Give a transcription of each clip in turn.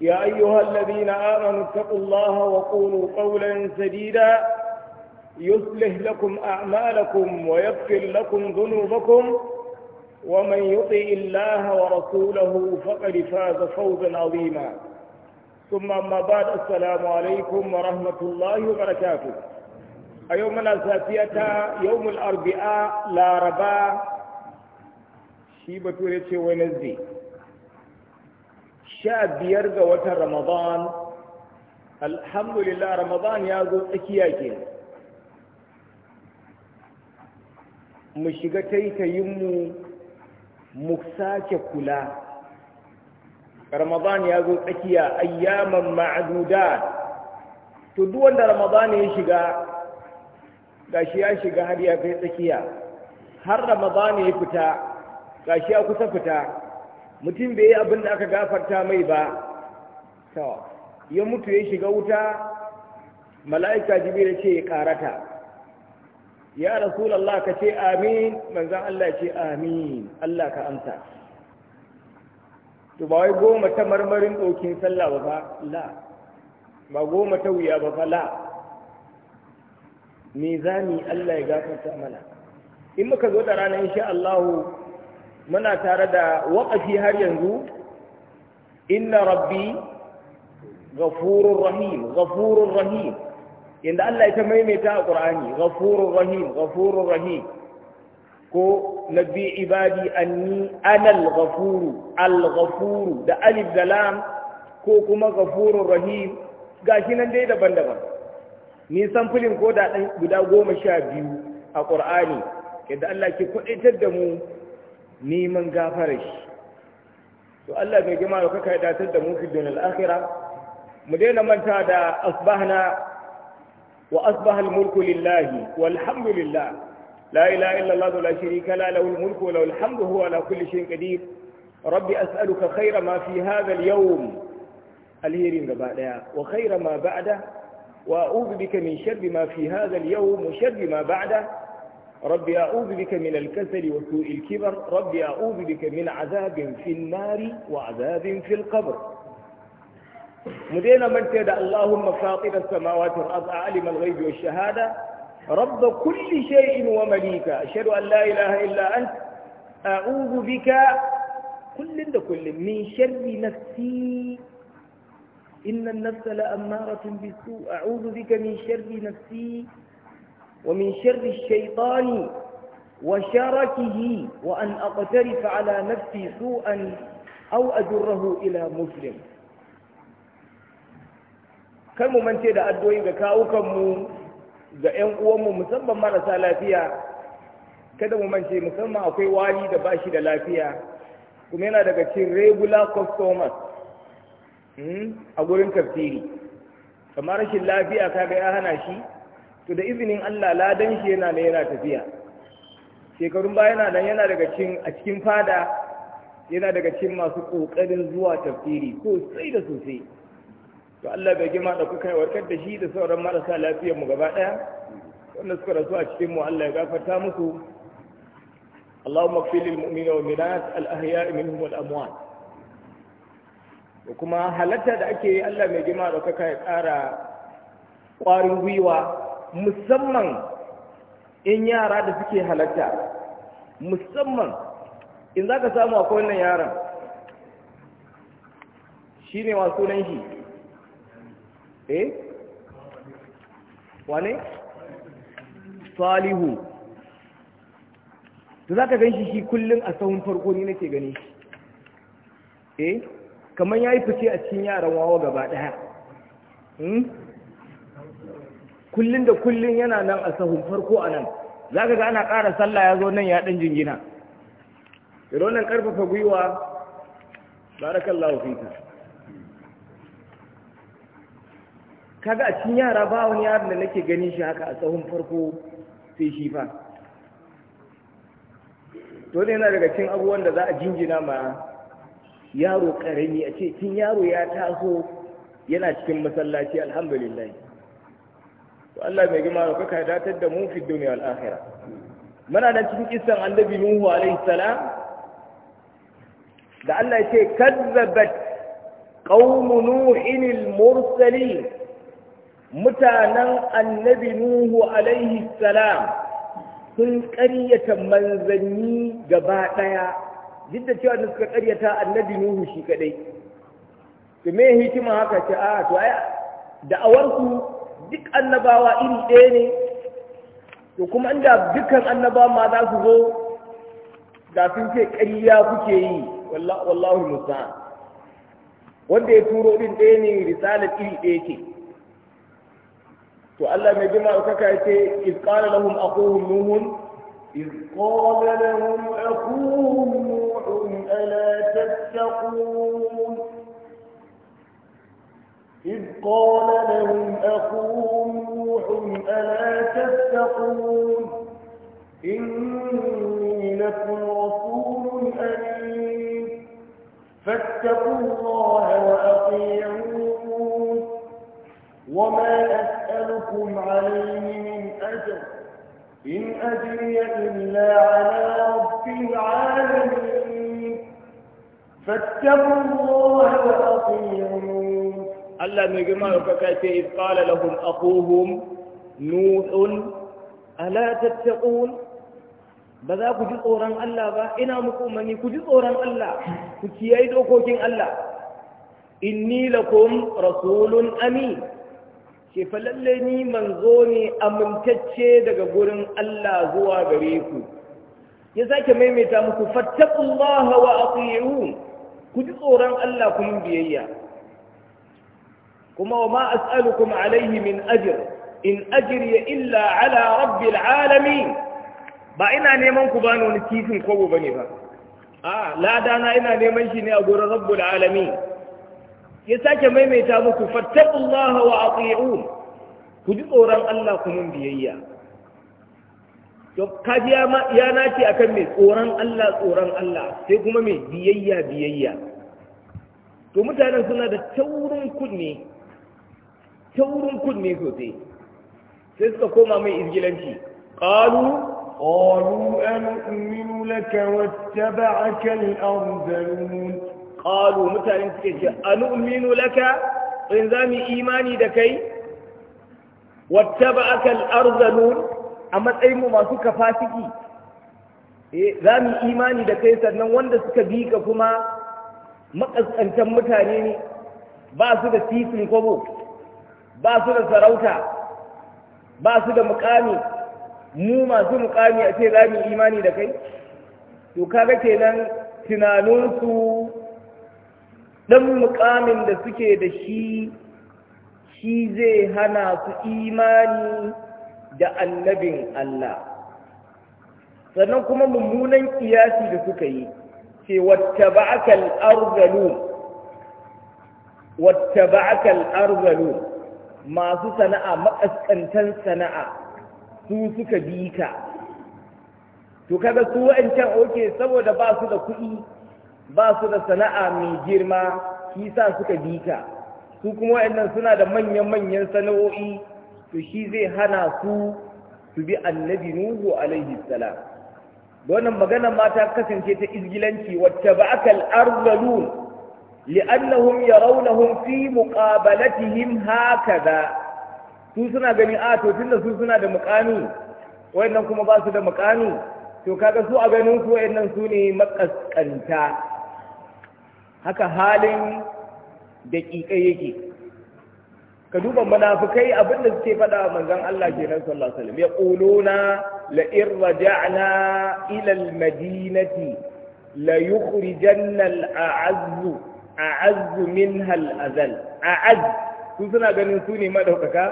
يا أيها الذين آمنوا اتقوا الله وقولوا قولا سديدا يصلح لكم أعمالكم ويغفر لكم ذنوبكم ومن يطع الله ورسوله فقد فاز فوزا عظيما ثم أما بعد السلام عليكم ورحمة الله وبركاته أيومنا ساتية يوم الأربعاء لا ربا شيبة ريتشي ونزدي sha biyar ga watan ramadan alhamdulillah ramadan ya zo tsakiya ke mu shiga taitayinmu mu sake kula ramadan ya zo tsakiya ayyaman ma'aduda to duk wanda ramadan ya shiga gashi ya shiga har ya kai tsakiya har ramadan ya fita gashi ya kusa fita mutum bai yi abin da aka gafarta mai ba ya mutu ya shiga wuta mala'ika jibril ce ya karata ya rasulallah ka ce amin manzan Allah ce amin Allah ka amsa to ba wai goma ta marmarin ɗokin sallah ba la ba goma ta wuya ba fa la me za mu Allah ya gafarta mana in muka zo da ranar insha Allah muna tare da waƙafi har yanzu inna rabbi ghafurur rahim ghafurur rahim inda Allah ya ta maimaita a ƙur'ani, ghafurur rahim ghafurur rahim ko nabi ibadi anni anal gafuru, al gafuru da alif da lam ko kuma ghafurur rahim gashi nan dai daban-daban ni samfulin ko da guda goma sha biyu a ƙur'ani. yadda Allah ke kudaitar da mu neman gafara shi to Allah bai gima da kuka datar da mu fi al akhira mu daina manta da asbahna wa asbaha al-mulku lillahi walhamdulillah la ilaha illa Allah la sharika la lahu al-mulku wa lahu al-hamdu huwa ala kulli shay'in qadir rabbi as'aluka khayra ma fi hadha al-yawm al-hirin gaba daya wa khayra ma ba'da wa a'udhu bika min sharri ma fi hadha al-yawm wa sharri ma ba'da ربي أعوذ بك من الكسل وسوء الكبر ربي أعوذ بك من عذاب في النار وعذاب في القبر مدينة من تدع اللهم فاطر السماوات والأرض عالم الغيب والشهادة رب كل شيء ومليك أشهد أن لا إله إلا أنت أعوذ بك كل كل من شر نفسي إن النفس لأمارة بالسوء أعوذ بك من شر نفسي ومن شر الشيطان وشركه وأن أقترف على نفسي سوءا أو أجره إلى مسلم kar mu mance da addu'o'i ga kawukanmu ga 'yan uwanmu musamman marasa lafiya kada mu mance musamman akwai wali da bashi da lafiya kuma yana daga cikin regular customers a gurin tafsiri kamar rashin lafiya kaga ya hana shi to da izinin Allah ladan shi yana da yana tafiya shekarun baya yana nan yana daga cikin a cikin fada yana daga cikin masu kokarin zuwa tafsiri sosai da sosai to Allah bai gima da kuka warkar da shi da sauran marasa lafiyar mu gaba daya wanda suka rasu a cikin mu Allah ya gafarta musu Allahumma wal اغفر al ahya'i minhum wal amwat kuma halatta da ake Allah mai gima da kuka ya kara ƙwarin gwiwa musamman in yara da suke halatta musamman in za ka samu akwai wannan yaran shi ne wasu nan shi eh wane salihu da za ka gan shi shi kullum a sahun farko ni nake gani eh kamar ya yi fice a cikin yaran wawa gaba ɗaya hmm? kullun da kullun yana nan a sahun farko a nan za ka ga ana ƙara sallah ya zo nan ya ɗan jingina irin nan ƙarfafa gwiwa barakallahu fika kaga a cin yara ba wani yaro da nake ganin shi haka a sahun farko sai shi fa to ne yana daga cikin abubuwan da za a jingina ma yaro ƙarami a ce cin yaro ya taso yana cikin masallaci alhamdulillah to Allah mai gima da kuka datar da mu fi duniya wal muna nan cikin kisan annabi Nuhu alaihi salam da Allah ya ce kazzabat qaumu nuhin al mursalin mutanen annabi Nuhu alaihi salam sun ƙaryata manzanni gaba ɗaya duk da cewa suka ƙaryata annabi Nuhu shi kaɗai. To me hikima haka ce a ah, to ai da'awarsu duk annabawa iri ɗaya ne to kuma inda dukkan annaba ma za su zo da sun ce ƙarya kuke yi wallahu musa. wanda ya turo ɗin ɗaya ne risalar iri ɗaya ce to Allah mai jima ɗaukaka ya ce iz qala lahum aquhum nuhun iz qala lahum aquhum nuhun ala tattaqun إذ قال لهم أخوهم نوح ألا تتقون إني لكم رسول أمين فاتقوا الله وأطيعون وما أسألكم عليه من أجر إن أجري إلا على رب العالمين فاتقوا الله وأطيعون Allah mai girma da kaka ce ifqala lahum aquhum nuhun ala tattaqun ba za ku ji tsoron Allah ba ina muku umarni ku ji tsoron Allah ku kiyaye dokokin Allah inni lakum rasulun amin ce fa ni manzo ne amintacce daga gurin Allah zuwa gare ku ya sake maimaita muku fattaqullaha wa ati'un ku ji tsoron Allah kuma biyayya kuma wa ma as'alukum alaihi min ajr in ajri illa ala rabbil alamin ba ina neman ku bani wani titin kobo bane ba a lada na ina neman shi ne a gurin rabbul alamin ya sake maimaita muku fattaqullaha wa ati'un ku ji tsoron Allah ku mun biyayya to kaji ya nace akan me tsoron Allah tsoron Allah sai kuma me biyayya biyayya to mutanen suna da taurin kunne ta wurin kunne sosai sai suka koma mai izgilanci ƙalu ƙalu an minu laka wata ba'a kan arzalin ƙalu mutane suke ce an minu laka in za mu imani da kai wata ba'a kan arzalin a matsayinmu masu kafa eh, za mu imani da kai sannan wanda suka bi ka kuma makasantan mutane ne ba su da titin kwabo ba su da sarauta ba su da mukami mu masu mukami a ce za mu imani da kai to kaga kenan tunaninsu ɗan mukamin da suke da shi shi zai hana su imani da annabin Allah sannan kuma mummunan kiyasi da suka yi ce wata ba'akal arzalun wata ba'akal arzalun masu sana'a makaskantan sana'a su suka bi ka to kaga su wa'ancan oke saboda ba su da kuɗi ba su da sana'a mai girma shi sa suka bi ka su kuma wa'annan suna da manyan-manyan sana'o'i to shi zai hana su su bi annabi nuhu alaihi salam wannan magana mata kasance ta izgilanci wacce ba aka al'arzalu li'annahum yarawnahum fi muqabalatihim hakaza su suna gani a to tunda su suna da muƙami wayannan kuma ba su da muƙami to ka ga su a ganin su wayannan su ne makaskanta haka halin daƙiƙa yake ka duba munafukai abinda suke faɗa manzon Allah kenan sallallahu alaihi wasallam yaquluna la in raja'na ila madinati la yukhrijanna al-a'azzu a'azzu minha al-azal a'azz su suna ganin su madaukaka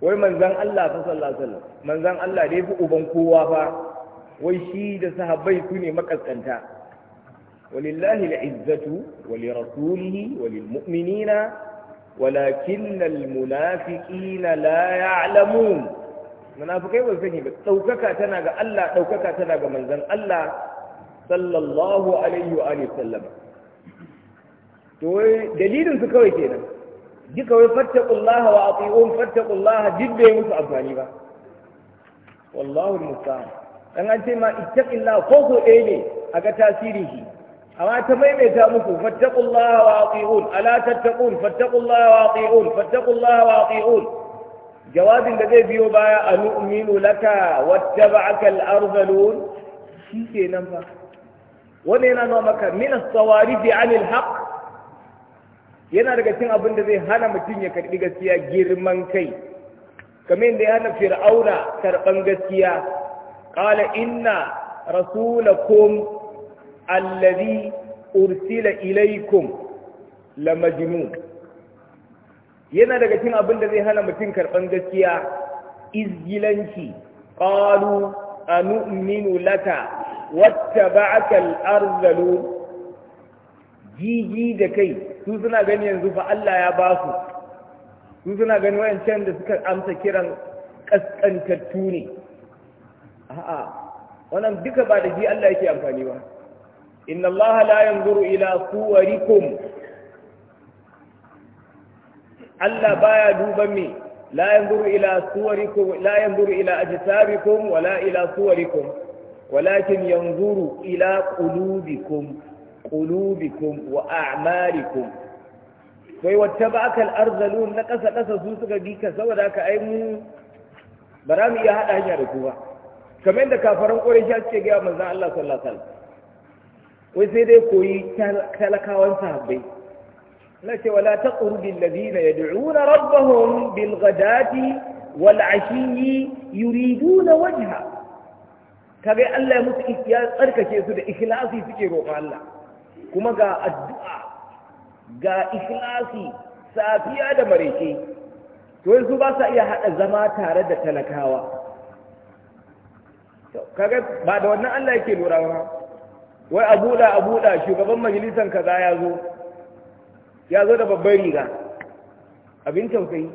wai manzon Allah fa sallallahu alaihi wasallam Allah da yafi uban kowa fa wai shi da sahabai su ne makaskanta walillahi al-izzatu wa li rasulihi wa mu'minina walakin al-munafiqina la ya'lamun munafikai ba sani ba daukaka tana ga Allah daukaka tana ga manzon Allah sallallahu wa to wai dalilin su kawai kenan duka wai fattaqullaha wa atiun fattaqullaha jidda musu amfani ba wallahu musta'an dan an ce ma ittaqillaha ko ko ɗaya ne a ga tasirin shi amma ta maimaita muku fattaqullaha wa atiun ala tattaqun fattaqullaha wa atiun fattaqullaha wa atiun jawabin da zai biyo baya a nu'minu laka wattaba'aka al-arzalun shi kenan ba wannan yana nuna maka min as-sawarif 'anil haqq yana daga cin abin da zai hana mutum ya karɓi gaskiya girman kai kamar da ya hana fir'auna karɓan gaskiya qala inna rasulakum allazi ursila ilaikum la majnun yana daga cin abin da zai hana mutum karɓan gaskiya izgilanci qalu anu'minu laka wattaba'aka al-arzalun jiji da kai su suna gani yanzu fa Allah ya ba su su suna gani wayancan da suka amsa kiran kaskantattu ne a'a wannan duka ba da shi Allah yake amfani ba inna Allah la yanzuru ila suwarikum Allah baya duban me la yanzuru ila suwarikum la yanzuru ila ajsabikum wala ila suwarikum walakin yanzuru ila qulubikum qulubikum wa a'malikum wai ba aka arzalu na ƙasa ƙasa su suka bi ka saboda haka aimu? mu ba za mu iya haɗa hanya da ku ba kamar yadda kafaran ƙorisha suke gaya manzan Allah sallallahu wai sai dai koyi talakawan sahabbai na ce wala taqrubi alladhina yad'una rabbahum bil ghadati wal ashiyi yuriduna wajha kaga Allah ya musu ya tsarkake su da ikhlasi suke roƙon Allah kuma ga addu'a ga ikilasi safiya da mareke to yanzu ba sa iya haɗa zama tare da talakawa kaga ba da wannan Allah yake lura ba wai a buɗa a buɗa shugaban majalisan kaza ya zo ya zo da babban riga abin tausayi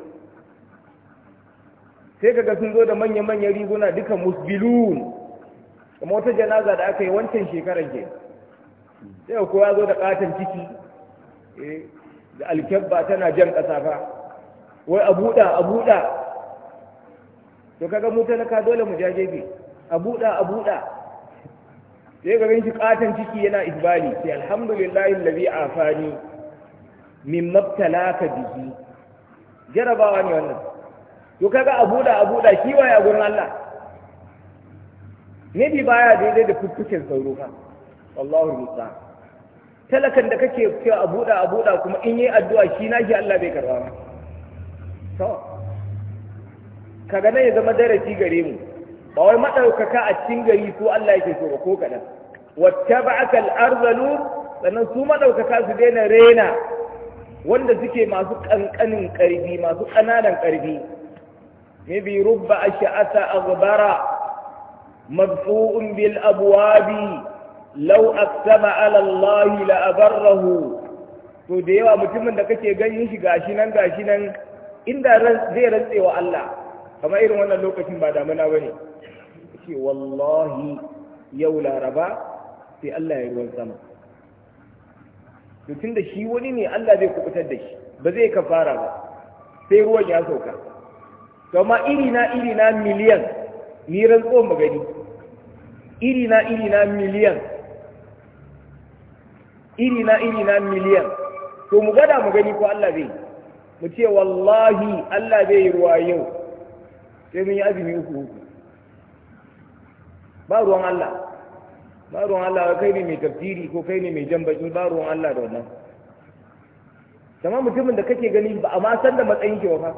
sai kaga sun zo da manya-manyan riguna dukan musbilun kuma wata janaza da aka yi wancan shekarar ke sai kowa zo da katon ciki eh, da alkyabba tana jan ƙasa fa wai a buɗa a buɗa to kaga mu talaka dole mu jajebe a buɗa a buɗa sai ga shi katon ciki yana isbali sai alhamdulillahi allazi afani min mabtalaka bihi jarabawa ne wannan to kaga a buɗa a buɗa shi waye gurin Allah bi baya daidai da fuffuken sauro fa wallahu musa talakan da kake cewa a buɗa a buɗa kuma in yi addu'a shi na shi Allah bai karba ma to kaga nan ya zama darasi gare mu ba wai madaukaka a cikin gari ko Allah yake so ba ko kadan wattaba'aka al-arzalun sannan su madaukaka su daina rena wanda suke masu kankanin karbi masu kananan a maybe rubba ash'ata aghbara madfu'un bil abwabi lau aqsama ala Allah la abarrahu to da yawa mutumin da kake ganin shi gashi nan gashi nan inda zai rantsewa Allah kamar irin wannan lokacin ba damuna bane ce wallahi yau laraba sai Allah ya ruwan sama to tunda shi wani ne Allah zai kubutar da shi ba zai kafara ba sai ruwan ya sauka to amma iri na iri na miliyan ni rantsuwan magani iri na iri na miliyan iri na iri na miliyan to mu gada mu gani ko Allah zai mu ce wallahi Allah zai yi ruwa yau sai mun yi azumi uku uku ba ruwan Allah ba ruwan Allah kai ne mai tafsiri ko kai ne mai jan baki ba ruwan Allah da wannan sama mutumin da kake gani ba amma san da matsayin ki fa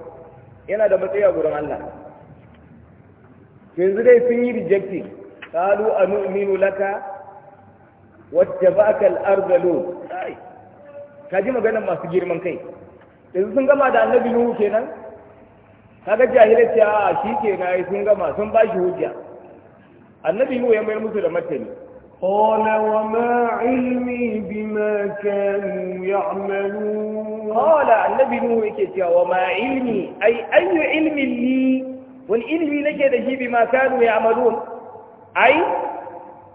yana da matsayi a gurin Allah yanzu dai sun yi rejecting qalu anu'minu laka wacce ba ka al'arzalo ka ji maganar masu girman kai yanzu sun gama da annabi nuhu kenan kaga jahilai ce a shi kenan sun gama sun ba shi hujja annabi nuhu ya mayar musu da martani قال وما علمي بما كانوا يعملون قال النبي نوح يكتيا وما علمي أي أي علم لي والعلم لك بما كانوا يعملون أي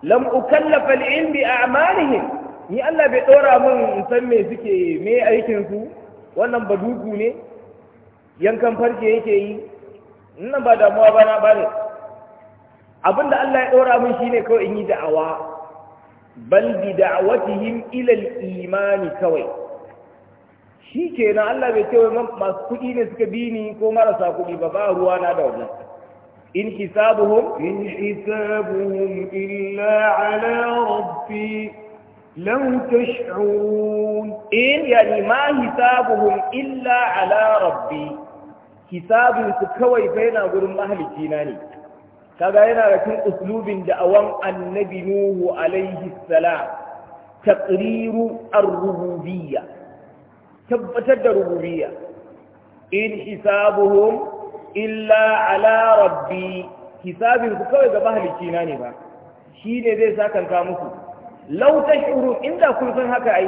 lam ukallafa al-ilm bi a'malihim ni Allah bai dora min san me suke me aikin su wannan badugu ne yankan farce yake yi nan ba damuwa ba na bane abinda Allah ya dora min shine kawai in yi da'awa bal bi da'watihim ila al-iman kawai shikenan Allah bai ce masu kuɗi ne suka bi ni ko marasa kuɗi ba ba ruwa na da wannan إن حسابهم إن حسابهم إلا على ربي لو تشعرون إن يعني ما حسابهم إلا على ربي حساب سكوي بين أقول ما هل تيناني كذا لكن أسلوب دعوة النبي نوه عليه السلام تقرير الربوبية تبتد الربوبية إن حسابهم illa ala rabbi hisabin ku kawai ga mahalicci na ne ba shi ne zai sakanta muku law tashuru inda kun san haka ai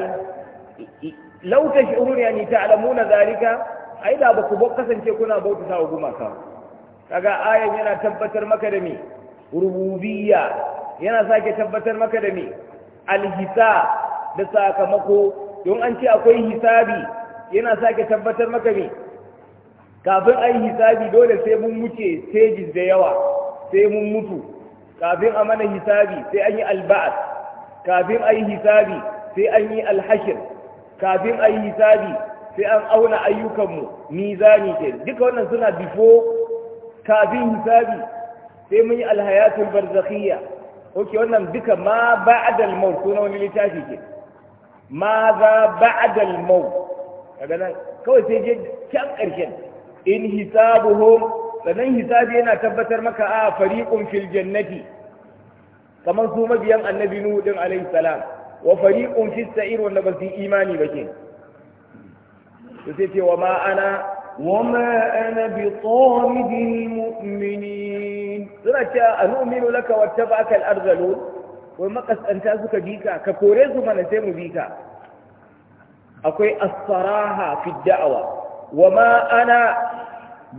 law tashuru yani ta'lamuna zalika ai da ba ku kasance kuna bauta wa ka kaga ayan yana tabbatar maka da me rububiyya yana sake tabbatar maka da me alhisa da sakamako don an ce akwai hisabi yana sake tabbatar maka me kafin a hisabi dole sai mun wuce stages da yawa sai mun mutu kafin a mana hisabi sai an yi alba'at kafin a yi hisabi sai an yi alhashir kafin a yi hisabi sai an auna ayyukanmu mizani ke duka wannan suna bifo kafin hisabi sai mun yi alhayatul barzakhiyya oke wannan duka ma ba'dal maut ko na wani littafi ke ma za ba'dal maut kaga nan kawai sai je can ƙarshen in hisabuhum sannan hisabi yana tabbatar maka a ah, fariqun fil jannati kamar su mabiyan annabi nuhu din alaihi salam wa fariqun fis sa'ir wanda ba su imani ba ke to sai ce wa ma ana wa ma ana bi taridil mu'minin suna ce a nu'minu laka wattaba'aka al-arzalun wai makasanta suka bika ka kore su mana sai mu bika akwai as-saraha fi wa ana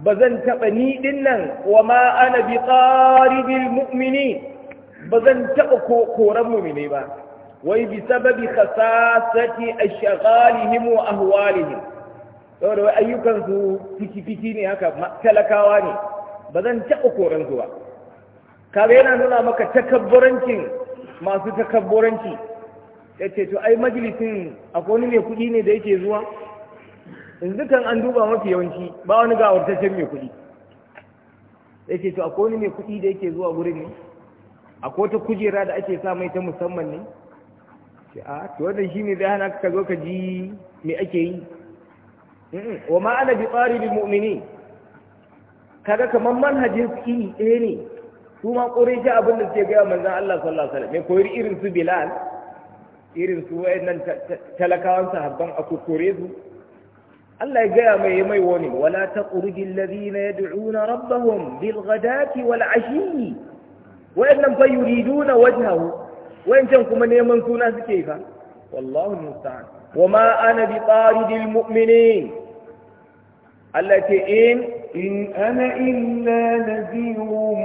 ba zan taɓa ni ɗin nan wa ma ana bi ƙaribin mu'mini ba zan taɓa koran mu'mini ba wai bi sababi khasasati a shagalihim wa ahwalihim saboda wai ayyukansu fiki-fiki ne haka talakawa ne ba zan taɓa koren zuwa. ba kaga yana nuna maka takabburancin masu takabburanci ya ce to ai majalisin akwai wani mai kuɗi ne da yake zuwa yanzu kan an duba mafi yawanci ba wani ga aurataccen mai kuɗi yake to a kone mai kuɗi da yake zuwa gurin ne a kota kujera da ake sa mai ta musamman ne a to wannan ne zai hana ka zo ka ji me ake yi wa ma ana bi tsari mu'mini kaga kamar manhajin iri ɗaya ne su ma ƙorai shi abin da suke gaya manzan Allah sallallahu alaihi wasallam mai koyar irin su Bilal irin su wayannan talakawan sahabban a kokore su Allah ya gaya mai mai wani wala taqrudil ladina yad'una rabbahum bil ghadati wal ashi wayannan fa yuriduna wajhahu wayancan kuma neman suna suke fa wallahu musta'an wama ana bi taridil mu'minin Allah ya ce in in ana illa nadhirun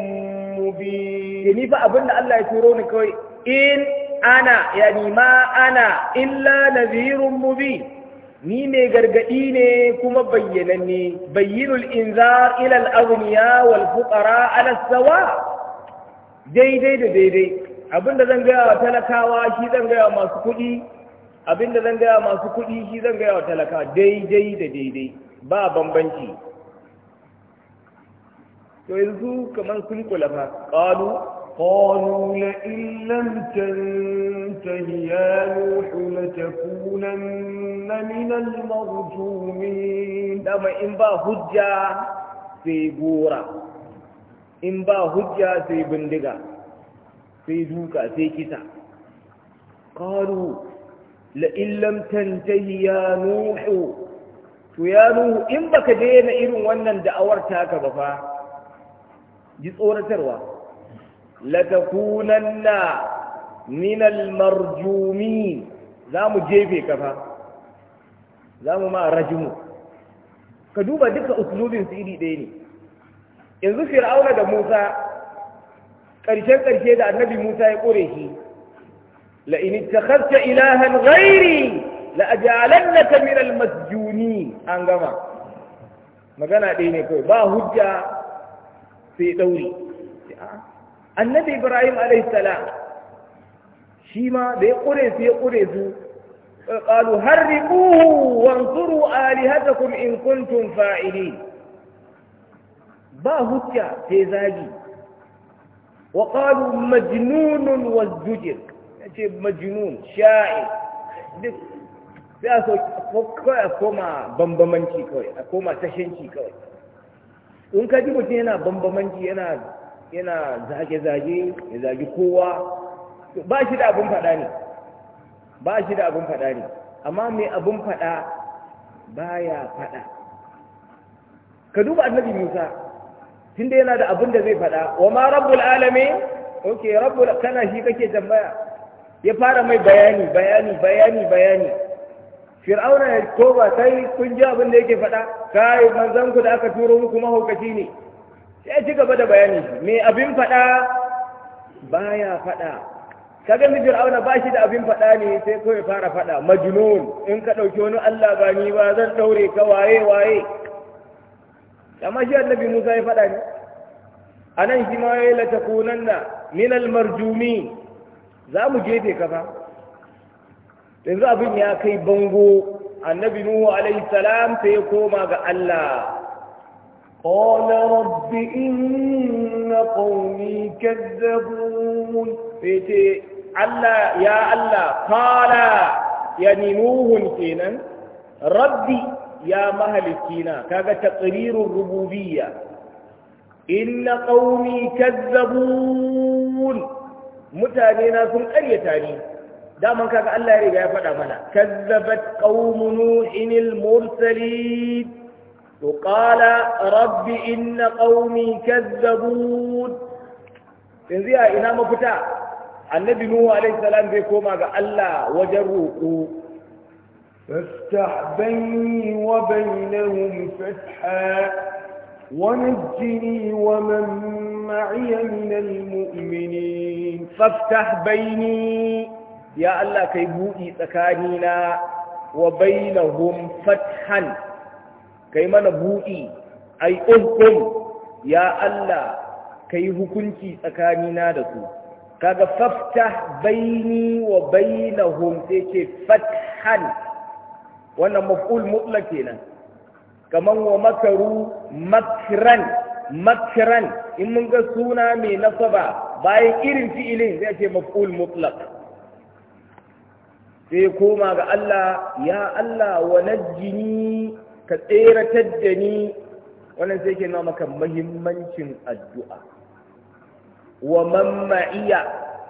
mubin ni fa abinda Allah ya turo ni kawai in ana yani ma ana illa nadhirun mubin ni mai gargaɗi ne kuma bayyananne bayyinul inzar ilal aghniya wal fuqara ala sawa daidai da daidai abinda zan gaya wa talakawa shi zan gaya wa masu kuɗi abinda zan gaya wa masu kuɗi shi zan gaya wa talakawa daidai da daidai ba bambanci to yanzu kamar sun kula fa qalu قالوا لئن لم تنته يا نوح لتكونن من المرجومين دم إن با هجة في بورا إن با هجة في بندقة في دوكا في كتا قالوا لئن لم تنته يا نوح يا نوح إن بك دين إن ونن دعورتك بفا جزء ورتروا latakunanna min almarjumin za mu jefe kafa za mu ma rajimu ka duba duka uslubin su iri ɗaya ne yanzu fir'auna da musa ƙarshen ƙarshe da annabi musa ya ƙure shi la'in ittakhadta ilahan ghairi la'ajalannaka min masjuni an gama magana ɗaya ne kawai ba hujja sai ɗauri annabi ibrahim alaihissalam shi ma da ya ƙure su ya ƙure su ƙalu harriquhu wanzuru alihatakum in kuntum fa'ili ba hujja sai zagi wa ƙalu majnunun wazzujir ya ce majnun sha'i duk sai a koma bambamanci kawai a koma tashanci kawai in ka ji mutum yana bambamanci yana yana zage-zage ya zage kowa ba shi da abin faɗa ne ba shi da abin fada ne amma mai abin faɗa ba ya faɗa ka duba annabi musa tun da yana da abin da zai faɗa wa ma rabbul alame ok rabbul kana shi kake tambaya ya fara mai bayani bayani bayani bayani fir'auna ya toba sai kun ji abin da yake faɗa kai manzanku da aka turo muku mahaukaci ne sai ci gaba da bayani me abin faɗa baya faɗa kaga mijir auna ba shi da abin faɗa ne sai kawai fara faɗa majnun in ka ɗauki wani Allah ba ni ba zan ɗaure ka waye waye amma shi annabi Musa ya faɗa ne anan shi ma ya lata latakunanna min marjumi za mu jefe ka fa yanzu abin ya kai bango annabi Nuhu alaihi salam sai ya koma ga Allah قال رب إن قومي كذبون فيتي ألا يا الله قال يعني نموه كينا ربي يا مهل كينا كذا تقرير الربوبية إن قومي كذبون متانينا أي تاني دائما كذا الله يرجع فدا كذبت قوم نوح المرسلين وقال رب إن قومي كذبون تنزيها إنا مفتا النبي نوح عليه السلام بيكوما قال الله وجروه فافتح بيني وبينهم فتحا ونجني ومن معي من المؤمنين فافتح بيني يا الله كيبوئي سكانينا وبينهم فتحا kai mana buɗi ai uhkum um. ya Allah kai hukunci tsakanina da su kaga faftah baini wa bainahum sai ce fathan wannan maf'ul mutlaq kenan kamar wa makaru makran makran in mun ga suna mai nasaba bayan irin fi'ilin zai ce maf'ul mutlaq sai koma ga Allah ya Allah wa na jini. ka tseratar da ni wannan sai ke nuna maka mahimmancin addu'a wa mamma’iya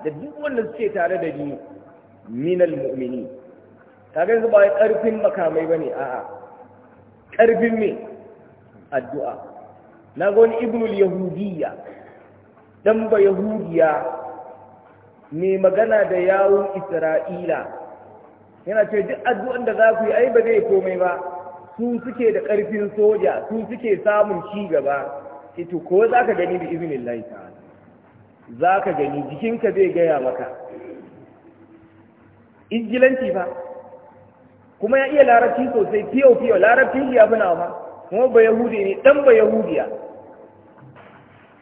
da duk wanda suke tare da ni minal mu'mini kaga yanzu ba ƙarfin makamai ne? a'a ƙarfin mai addu'a na ga wani ibnul Yahudiya. ɗan ba yahudiya mai magana da yawun isra'ila yana ce duk addu'an da za ku yi ai ba zai komai ba su suke da ƙarfin soja su suke samun ci gaba ito ko za ka gani da izinin laifin ta'ala za ka gani jikinka zai gaya maka injilanci fa kuma ya iya larabci sosai fiyo fiyo larabcin ya fi nawa kuma ba yahudi ne dan ba yahudiya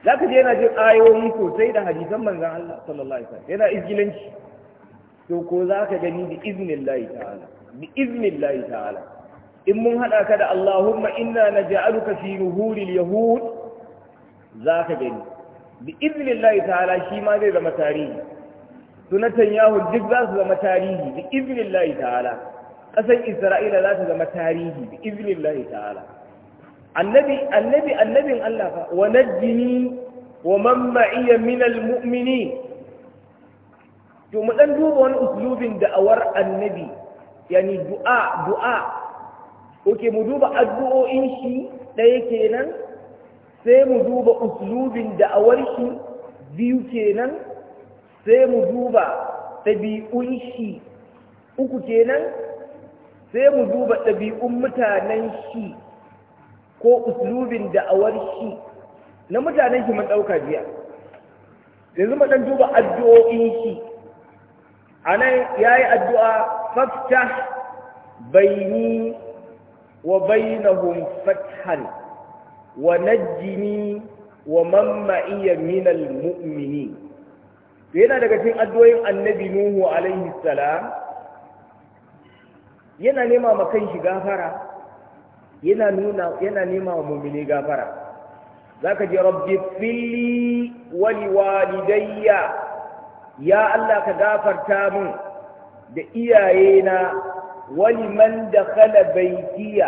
za ka je yana jin ayoyi sosai da hadisan manzan Allah sallallahu alaihi wasallam yana izgilanci to ko za ka gani da izinin lahi ta'ala bi iznin ta'ala in mun haɗa ka da Allahumma inna na ja'aluka fi ruhuril yahud za ka gani bi iznillahi ta'ala shi ma zai zama tarihi sunatan yahu duk za su zama tarihi bi iznillahi ta'ala ƙasar isra'ila za ta zama tarihi bi iznillahi ta'ala annabi annabi annabin Allah fa wa najjini wa man ma'iya min almu'minin to mu dan duba wani uslubin da'awar annabi yani du'a du'a oke mu duba addu'o'in shi ɗaya kenan sai mu duba uslubin da'awar shi biyu kenan sai mu duba ɗabi'un shi uku kenan sai mu duba ɗabi'un mutanen shi ko uslubin da'awar shi na mutanen shi mun ɗauka jiya yanzu mu ɗan duba addu'o'in shi a nan ya yi addu'a fafta bayni وبينهم فتحا ونجني ومن معي من المؤمنين yana daga cikin addu'o'in annabi Nuhu alaihi salam yana nema ma kanshi gafara yana nuna yana nema wa mu'mini gafara zaka ji rabbi fili wa liwalidayya ya Allah ka gafarta mun da iyayena kala ولمن دخل بيتي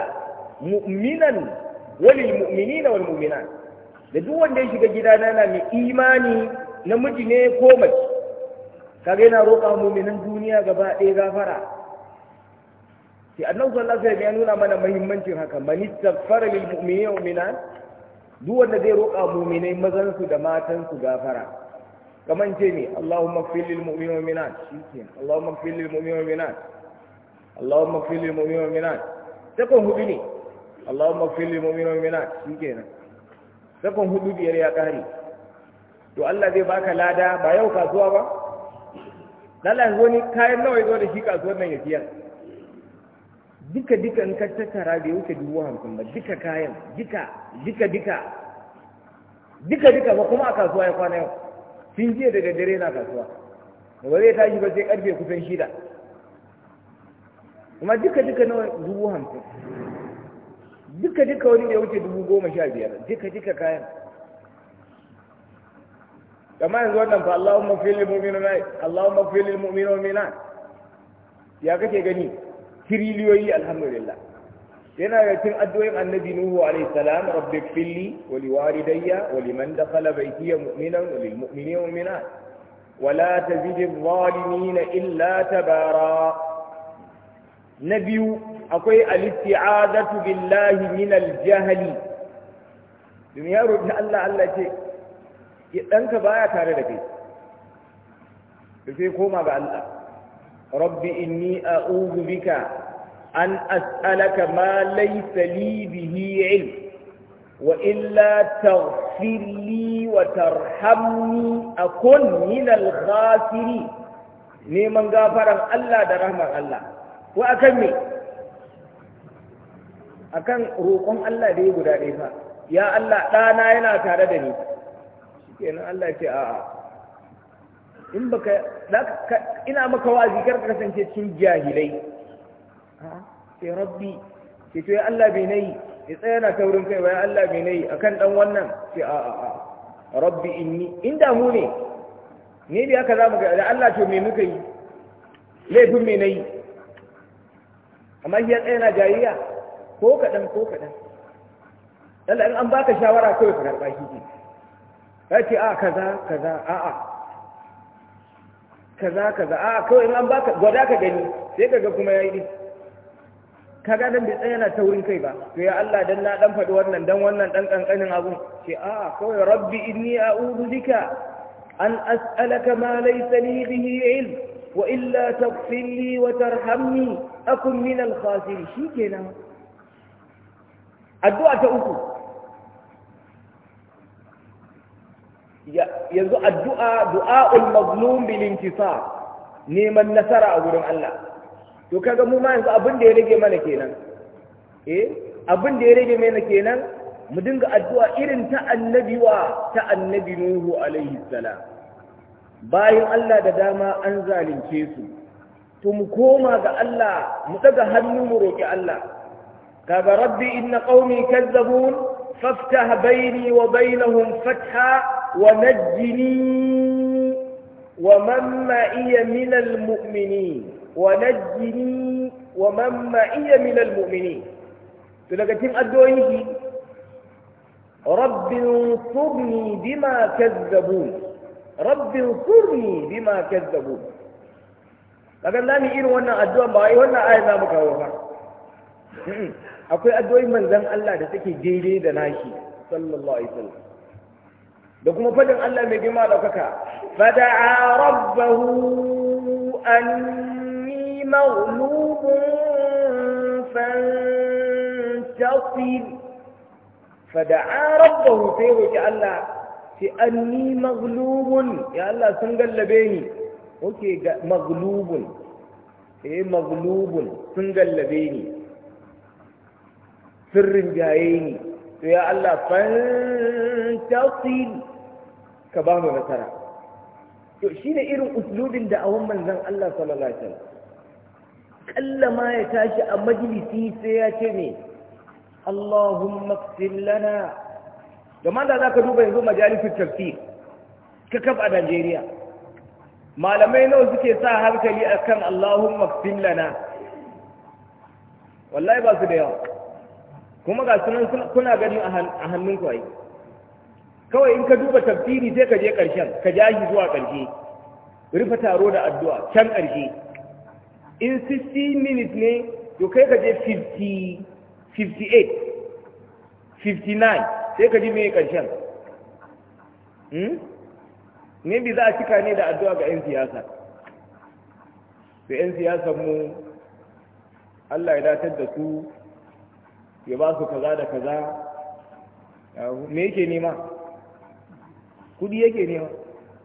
مؤمنا وللمؤمنين والمؤمنات da duk wanda ya shiga gidana na mai imani namiji ne ko mace kaga yana roƙa muminan duniya gaba ɗaya gafara sai Allah sallallahu alaihi wasallam ya nuna mana muhimmancin haka man istaghfara lil mu'minina wa mu'minat duk wanda zai roƙa muminai mazan su da matan su gafara kaman ce ne Allahumma fil lil mu'minina wa mu'minat shikenan Allahumma fil lil mu'minina wa mu'minat Allahumma fil lil mu'minina wal minat sakon hudu ne Allahumma fil lil mu'minina wal minat sakon hudu biyar ya kare to Allah zai baka lada ba yau kasuwa ba lallai wani kayan nawa zo da shi kasuwar nan ya siyar duka duka in ka tattara bai wuce dubu hamsin ba duka kayan duka duka duka duka duka ba kuma a kasuwa ya kwana yau sun jiya daga dare na kasuwa ba zai tashi ba sai karfe kusan shida kuma duka duka nawa dubu hamsin duka duka wani ya wuce dubu goma sha biyar duka duka kayan kama yanzu wannan fa Allahumma fil mu'minu mai Allahumma fil mu'minu mina ya kake gani tiriliyoyi alhamdulillah yana da cin addu'o'in annabi nuhu alayhi salam rabbi fili wa li walidayya wa liman dakhala baytiya mu'minan wa lil mu'minina wa la tazid adh-dhalimina illa tabara na biyu akwai al-isti'adatu billahi min al-jahli domin yaro da Allah Allah ce ya danka baya tare da kai sai koma ga Allah rabbi inni a'udhu bika an as'alaka ma laysa li bihi ilm wa illa taghfir li wa tarhamni akun min al-khasirin neman gafaran Allah da rahmar Allah ko akan me akan roƙon Allah da ya guda ɗaya fa ya Allah ɗana yana tare da ni kenan Allah ce a'a in baka ina maka wazi kar ka kasance cikin jahilai sai rabbi ce to Allah bai nayi ya tsaya na taurin kai ba ya Allah bai nayi akan dan wannan ce a'a a rabbi inni inda mu ne ne bi haka zamu ga da Allah to me muka yi laifin me nayi amma shi ya na jayayya ko kaɗan ko kaɗan Allah in an baka shawara kawai ka karɓa shi ke ka ce a kaza kaza a a kaza kaza a kawai in an baka gwada ka gani sai ka ga kuma ya yi Ka dan bai tsaya na taurin kai ba to ya Allah dan na dan faɗi wannan dan wannan dan ƙanƙanin abu ce a kawai rabbi inni a'udhu bika an as'alaka ma laysa li bihi ilm wa illa taghfir wa tarhamni akun min al shi kenan. addu'a ta uku yanzu addu'a du'a'ul mazlum bil intisar neman nasara a gurin Allah to kaga mu ma yanzu abin da ya rage mana kenan eh abin da ya rage mana kenan mu dinga addu'a irin ta annabi wa ta annabi Nuhu alaihi salam bayan Allah da dama an zalunce su to mu koma ga Allah mu daga hannu mu roƙi Allah kaga rabbi inna qaumi kazzabun faftah baini wa bainahum fatha wa najjini wa man ma'iya min almu'minin wa najjini wa man ma'iya min almu'minin to daga cikin addu'o'in ki rabbi انصرني بما كذبون rabbi انصرني بما كذبون kaga za mu irin wannan addu'a ba wai wannan ayar za mu kawo ba akwai addu'o'in manzon Allah da take daidai da nashi sallallahu alaihi wasallam da kuma fadin Allah mai girma daukaka fada'a rabbahu anni maghlubun fantasir fada'a rabbahu sai roki Allah sai anni maghlubun ya Allah sun gallabe ni oke ga maglubun eh maglubun sun gallabe ni sirrin jaye ni to ya Allah fantasil ka ba mu nasara to ne irin uslubin da awon manzon Allah sallallahu alaihi wasallam kalla ma ya tashi a majalisi sai ya ce ne Allahumma qsil lana da ma da ka duba yanzu majalisin tafsir ka kafa a Najeriya malamai nawa suke sa hankali akan Allahumma fil lana wallahi ba su da yawa kuma ga sunan kuna gani a hannunku ai kawai in ka duba tafsiri sai ka je karshen ka ja shi zuwa ƙarshe, rufe taro da addu'a can ƙarshe in 60 minutes ne to kai ka je 50 58 59 sai ka ji me ƙarshen. Hmm? ne bi za a cika ne da addu'a ga 'yan siyasa da 'yan siyasan mu Allah ya datar da su ya ba su kaza da kaza me yake nema kudi yake nema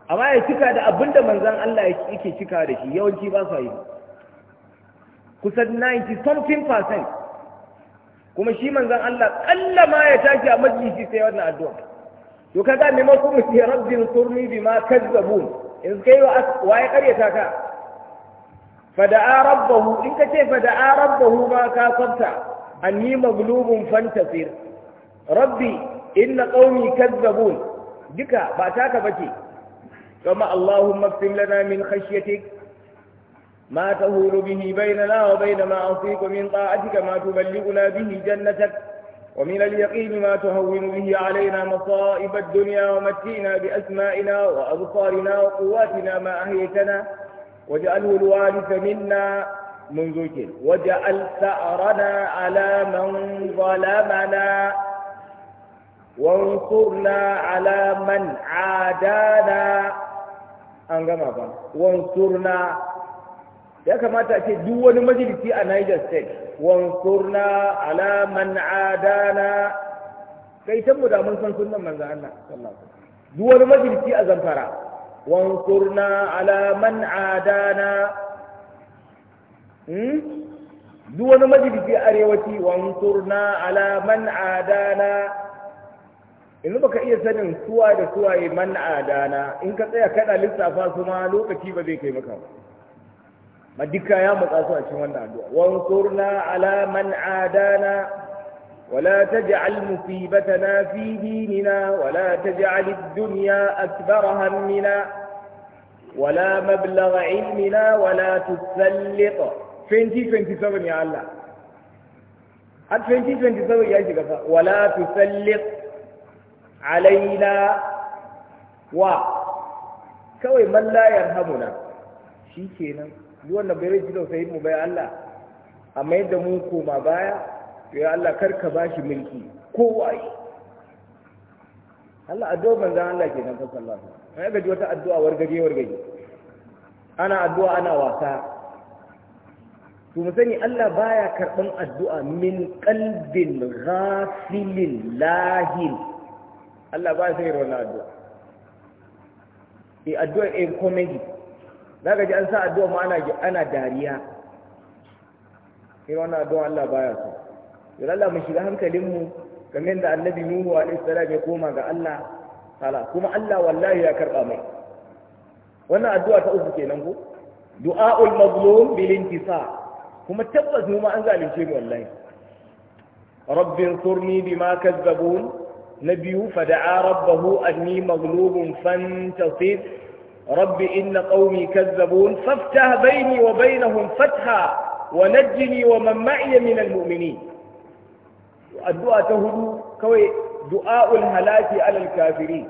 amma ya cika da abinda manzan Allah yake cika da shi yawanci ba sa yi kusan 90 something percent kuma shi manzan Allah kalla ma ya tashi a majalisi sai wannan addu'a وكذا ما كم في رب انصرني بما كذبون إن كيو واي قرية تاكا فدعا ربه إن كيف فدعا ربه ما كاسبت أني مظلوم فانتصر ربي إن قومي كذبون بك باتاك بكي كما اللهم اقسم لنا من خشيتك ما تهول به بيننا وبين ما أعطيك من طاعتك ما تبلغنا به جنتك ومن اليقين ما تهون به علينا مصائب الدنيا ومتينا بأسمائنا وأبصارنا وقواتنا ما أهيتنا واجعله الوارث منا من ذكر واجعل ثأرنا على من ظلمنا وانصرنا على من عادانا أنقمها وانصرنا ya kamata ce duk wani majalisi a Niger State wansurna ala man adana kai ta mu da mun san sunnan manzo Allah sallallahu alaihi wasallam duk wani majalisi a Zamfara wansurna ala man adana hmm duk wani majalisi a arewaci wansurna ala man adana yanzu baka iya sanin suwa da suwaye man adana in ka tsaya kada lissafa su ma lokaci ba zai kai maka ba ma duka ya matsa su a cikin wannan addu'a wansurna ala man adana wala taj'al musibatana fi dinina wala taj'al ad-dunya akbar hammina wala mablagha ilmina wala tusallit 2027 ya Allah har 2027 ya shiga fa wala tusallit alaina wa kawai man la yarhamuna shikenan duk wanda bai rai tausayin mu bai Allah a mai da mu koma baya ya Allah kar ka bashi mulki ko waye Allah addu'a manzon Allah ke nan sallallahu alaihi wasallam ai gaji wata addu'a wargaje wargaje ana addu'a ana wasa to mu sani Allah baya karban addu'a min qalbin ghafilin lahil Allah baya sai wannan addu'a eh addu'a eh comedy za ka ji an sa addu'a ma ana ana dariya irin wannan addu'a Allah baya so to Allah mu shiga hankalin mu kamar da annabi Nuhu alaihi salam ya koma ga Allah sala kuma Allah wallahi ya karba mai wannan addu'a ta uku kenan ko du'aul mazlum bil intisa kuma tabbas mu ma an zalunce mu wallahi rabbin surni bima kazzabun na biyu fada'a rabbahu anni maghlubun fantasir رب إن قومي كذبون فافتح بيني وبينهم فتحا ونجني ومن معي من المؤمنين الدعاء تهدو كوي دعاء الهلاك على الكافرين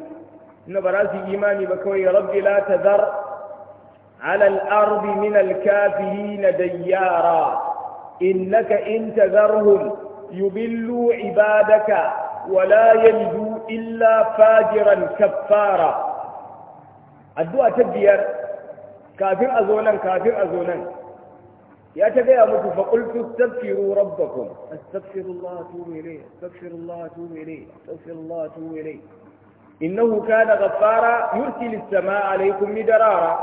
إن براسي إيماني بكوي رب لا تذر على الأرض من الكافرين ديارا إنك إن تذرهم يبلوا عبادك ولا يلدوا إلا فاجرا كفارا addu'a ta biyar kafin a zo nan kafin a zo nan ya ta gaya muku faƙultu tafiru rabbakum astaghfirullah tubu ilayhi astaghfirullah tubu ilayhi astaghfirullah tubu ilayhi innahu kana ghaffara yursilu as samaa 'alaykum midarara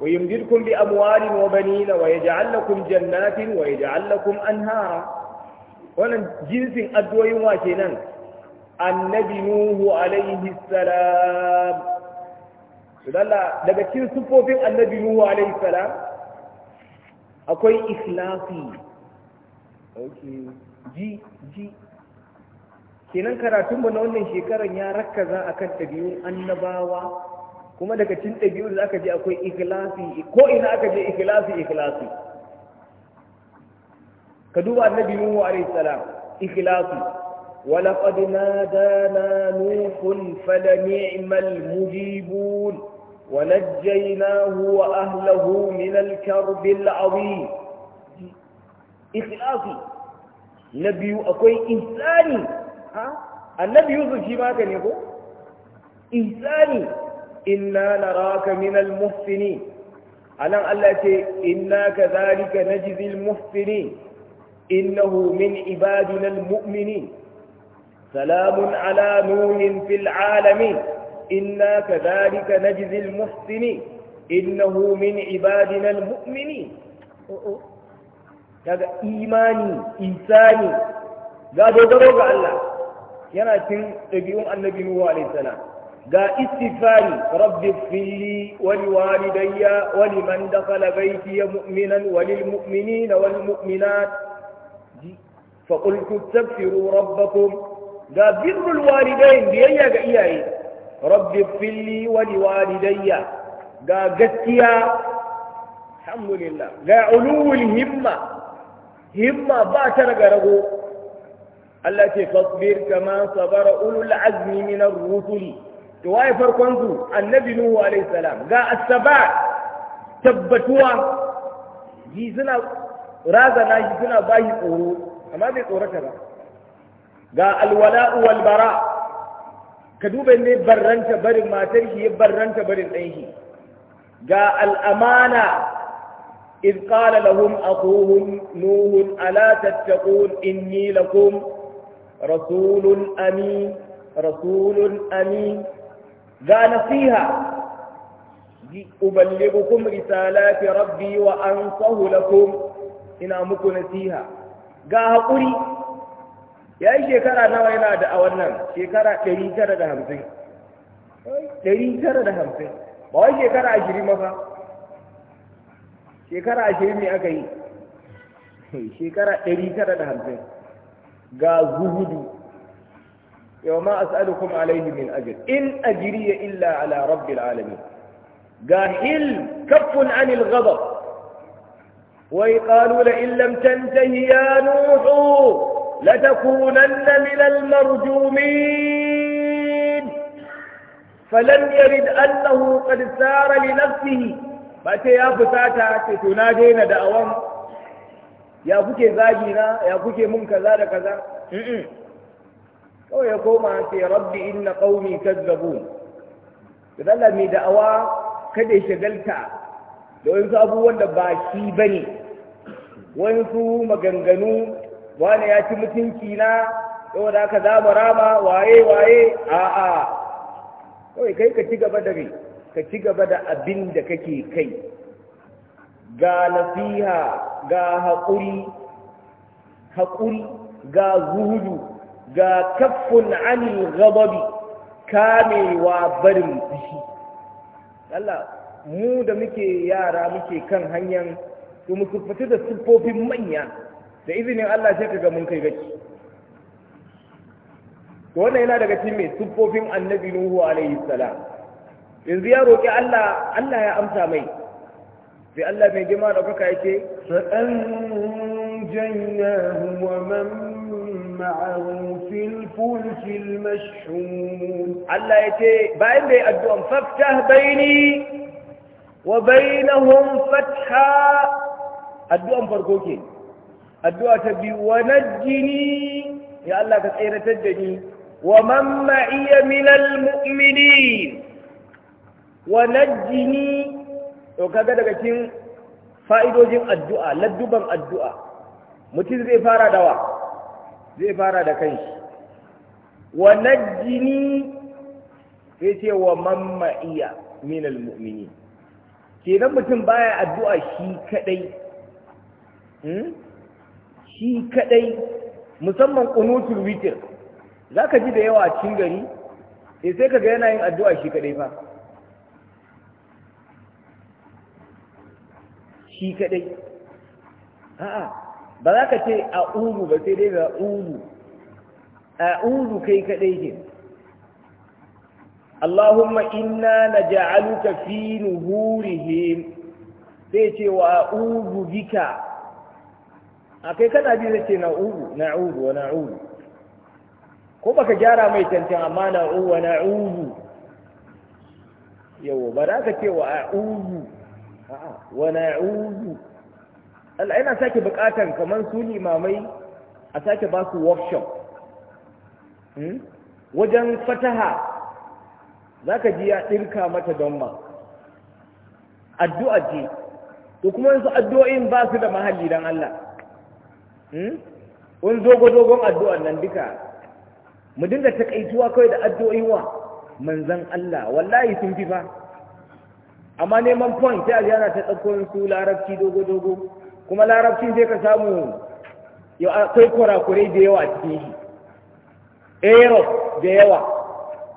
wa bi amwalin wa banin wa yaj'al lakum jannatin wa yaj'al lakum anhara wannan jinsin addu'o'in wa kenan annabi nuhu alayhi salam Allah daga cikin sufofin annabi nuhu alaihi salam akwai ikhlasi okay ji ji kenan karatun mu na wannan shekaran ya rakkaza akan ɗabi'un annabawa kuma daga cikin ɗabi'un da aka je akwai ikhlasi ko ina aka je ikhlasi ikhlasi ka duba annabi nuhu alaihi salam ikhlasi ولقد نادانا نوح فلنعم المجيبون ونجيناه وأهله من الكرب العظيم إخلاصي نبي أكوي إنساني ها النبي يوسف شي ما كان يقول إنساني إنا نراك من المحسنين أنا التي إنا كذلك نجزي المحسنين إنه من عبادنا المؤمنين سلام على نوح في العالمين إنا كذلك نجزي المحسنين إنه من عبادنا المؤمنين هذا إيماني إنساني هذا دروغ الله ينا تن تبيون النبي نوح عليه السلام قال استفاني رب اغفر لي ولوالدي ولمن دخل بيتي مؤمنا وللمؤمنين والمؤمنات فقلت استغفروا ربكم قال بر الوالدين بيجا إيه ربي اغفر لي ولوالدي غا غتيا الحمد لله غا علو الهمه همه باشر غرغو التي تصبر كما صبر اولو العزم من الرسل تواي فرقنتو النبي نوح عليه السلام غا الثبات تبتوا جيزنا رازنا جيزنا باهي قرور اما بي قرور ترى الولاء والبراء ka duba ne barranta barin matar shi ya barranta barin ɗan ga al’amana in ƙala lahun a nuhun alatatta kohun in yi lakun rasulun ami rasulun ami ga nasiha di uballibukun risalafi rabbi wa an sahu lakun ina muku nasiha ga haƙuri ya yi shekara nawa yana da a wannan shekara ɗari tara da hamsin ɗari tara da hamsin ba wai shekara ashirin mafa shekara ashirin ne aka yi shekara ɗari tara da hamsin ga zuhudu yau ma a as'alukum alaihi min ajr in ajiri ya illa ala rabbil alamin ga hil kaffun anil ghadab wai ƙalula la in lam tantahi ya nuhu لتكونن من المرجومين فلم يرد أنه قد سار لنفسه فأتي يا فتاتا تنادينا دعوان يا فكي زاجنا يا فكي من كذا لكذا أو يقوم يا ربي إن قومي كذبون تظلمي دعوة كده شغلتا لو أنت أبوان دبا شيبني وأنتو مغنغنون wani ya ci mutunci na Yau da aka zama rama waye waye a'a kawai kai ka ci gaba da me ka ci gaba da abin da kake kai ga nasiha ga haƙuri haƙuri ga zuhudu ga kaffun ani rababi kamewa barin fushi Allah mu da muke yara muke kan hanyar to mu fita da siffofin manya da izinin Allah sai ga mun kai gaci to wannan yana daga cikin mai siffofin annabi nuhu alaihi salam yanzu ya roƙi Allah Allah ya amsa mai sai Allah mai girma da kuka yake فأنجيناه ومن معه في الفلك المشحون الله يتي بعد أدوان wa بيني وبينهم Addu'an farko فرقوكي addu'a ta biyu wa najjini ya Allah ka tsere da ni wa man min al mu'minin wa najjini to kaga daga cikin fa'idojin addu'a ladduban addu'a mutum zai fara dawa zai fara da kanshi wa najjini sai ce wa man min al mu'minin kenan mutum baya addu'a shi kadai hmm? shi kadai musamman kunutul witr zaka ji da yawa a cikin gari eh sai kaga yana yin addu'a shi kadai fa shi kadai a'a ba za ka ce a uru ba sai dai ga uru a uru kai kadai ne Allahumma inna naj'aluka fi nuhurihim sai ce wa uru bika a kai kana bi zai ce na'udu na'udu wa na'udu ko baka gyara mai tantan amma na'udu wa na'udu yawo ba za ka ce wa a'udu wa na'udu Allah ina sake bukatan kamar su limamai a sake ba su workshop hmm? wajen fataha za ka ji ya ɗirka mata don addu'a ce ko kuma yanzu addu'o'in ba su da mahalli don Allah Hmm? wani dogo-dogon addu'ar nan duka mu dinga takaituwa kawai da addu'o'in wa manzan Allah wallahi sun fi fa amma neman point ta a yana ta tsakon su larabci dogo-dogo kuma larabcin sai ka samu akwai kurakurai da yawa a cikin shi error da yawa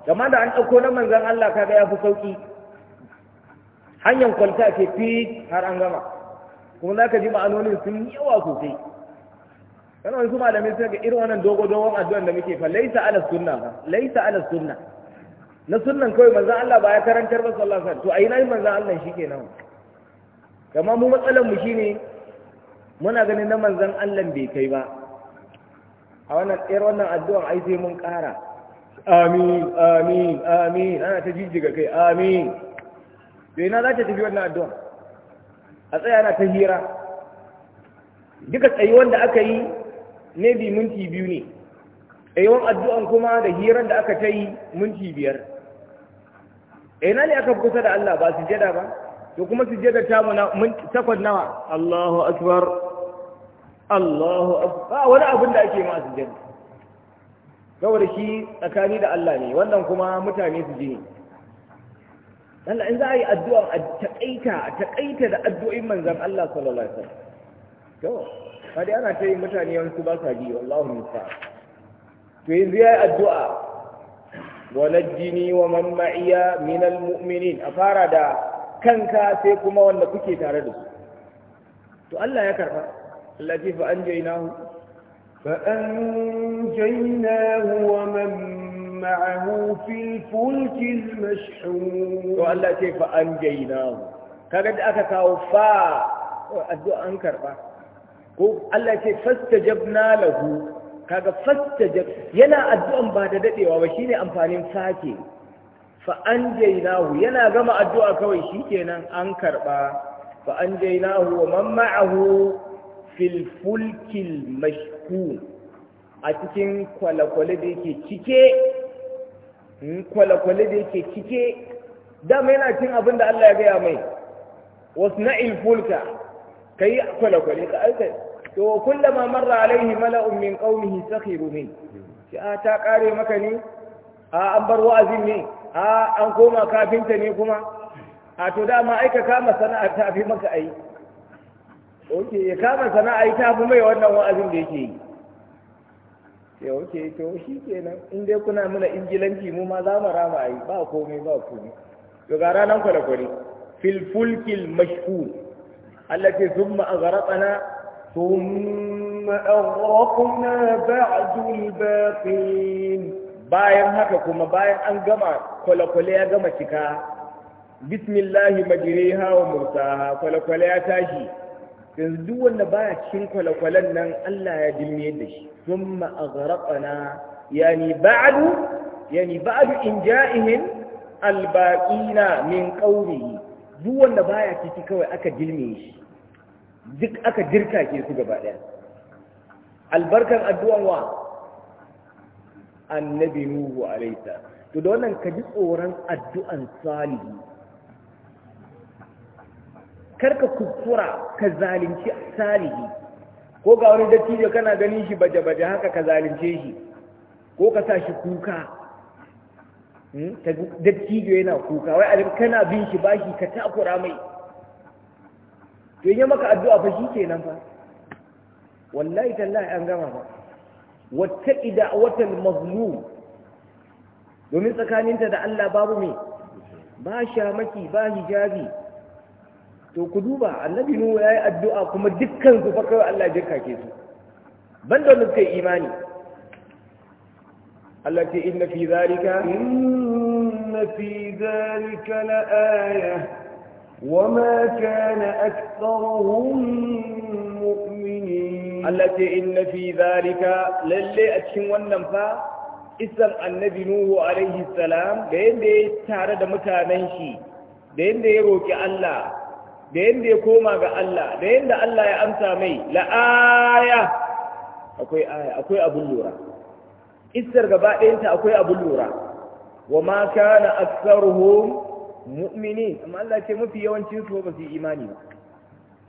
gama da an ɗauko na manzan Allah kaga ya fi sauƙi hanyar kwalta ke fi har an gama kuma za ka ji ma'anonin sun yawa sosai kana wasu malamai sai ga irin wannan dogo dogon addu'an da muke fa laisa ala sunna ba laisa ala sunna na sunnan kawai manzon Allah ba ya karantar ba sallallahu alaihi wasallam to ayi nayi manzon Allah shikenan kamar mu matsalar mu shine muna ganin na manzon Allah bai kai ba a wannan ɗayar wannan addu'an ai sai mun ƙara amin amin amin ana ta jijjiga kai amin to ina za ta tafi wannan addu'an a tsaya na ta hira duka tsayi wanda aka yi maybe minti biyu ne a yawan addu'an kuma da hiran da aka ta yi minti biyar a yana ne aka kusa da Allah ba su sujada ba to kuma sujada ta mu takwas nawa Allahu akbar Allahu akbar wani abin da ake ma sujada kawai shi tsakani da Allah ne wannan kuma mutane su ji ne Allah in za a yi addu'an a taƙaita a taƙaita da addu'in manzan Allah sallallahu Alaihi wasallam. ba dai ana ce mutane wani su ba sa bi wallahu musta to yanzu ya yi addu'a wanajjini wa man ma'iya min almu'minin a fara da kanka sai kuma wanda kuke tare da su to Allah ya karba Allah ji fa anjaynahu fa anjaynahu wa man ma'ahu fil fulki al-mashhun to Allah ce fa anjaynahu kaga da aka kawo fa addu'a an karba ko Allah ce fastajabna lahu kaga fastajab yana addu'an ba da dadewa ba shine amfanin sake fa anjaynahu yana gama addu'a kawai shikenan an karba fa anjaynahu wa man ma'ahu fil fulkil mashkun a cikin kwalakwale da yake cike hmm, kwalakwale da yake cike dama yana cin abin da Allah ya gaya mai wasna'il fulka kai kwale-kwale ka aika to kullama marra alaihi mala'un min qaumihi sakhiru min shi a ah, ta kare maka ne a ah, an bar wa'azin ne a ah, an koma kafinta ne kuma a to da dama aika kama sana'a ta fi maka ai oke ya kama sana'a ta fi mai wannan wa'azin da yake yi ya oke to shi kenan in dai kuna mana ingilanci mu ma za mu rama ai ba komai ba komai to ga ranan kwale-kwale fil fulkil mashhur التي ثم أغرقنا ثم أغرقنا بعد الباقين bayan haka kuma bayan an gama kwale-kwale ya gama cika bismillahi majriha wa mursaha kwale-kwale ya tashi yanzu duk wanda baya cikin kwale-kwalen nan Allah ya dilme da shi thumma aghraqna yani ba'du yani ba'du inja'ihin albaqina min qawlihi duk wanda baya ciki kawai aka dilme shi duk aka jirka ke su gaba ɗaya albarkar addu'an wa annabi nuhu laita to da wannan ka ji tsoron addu'an salihu karka kuskura ka zalunci salihu ko ga wani dattijo kana ganin shi baje-baje haka ka zalunce shi ko ka sa shi kuka hmm? dattijo yana kuka wai abin kana bin shi bashi ka takura mai yayi maka addu'a fa nan fa wallahi tallahi an gama ba wattaqi watan mazlum domin tsakaninta da Allah babu mai ba shamaki ba hijabi to ku duba annabi ya yi addu'a kuma dukkan su fa kawai Allah ya kake su banda wanda suka yi imani Allah ce inna fi zalika inna fi zarika la ayah وما كان أكثرهم مؤمنين التي إن في ذلك للي أتشن والنفا إسم النبي نوه عليه السلام بين دي تارد متامنشي بين دي روكي الله da yadda ya koma ga Allah da yadda Allah ya amsa mai la'aya akwai aya akwai abun lura isar gaba ɗayanta akwai abun lura wa ma kana aksaruhum mu'mini amma Allah ce mafi yawancin su ba su yi imani ba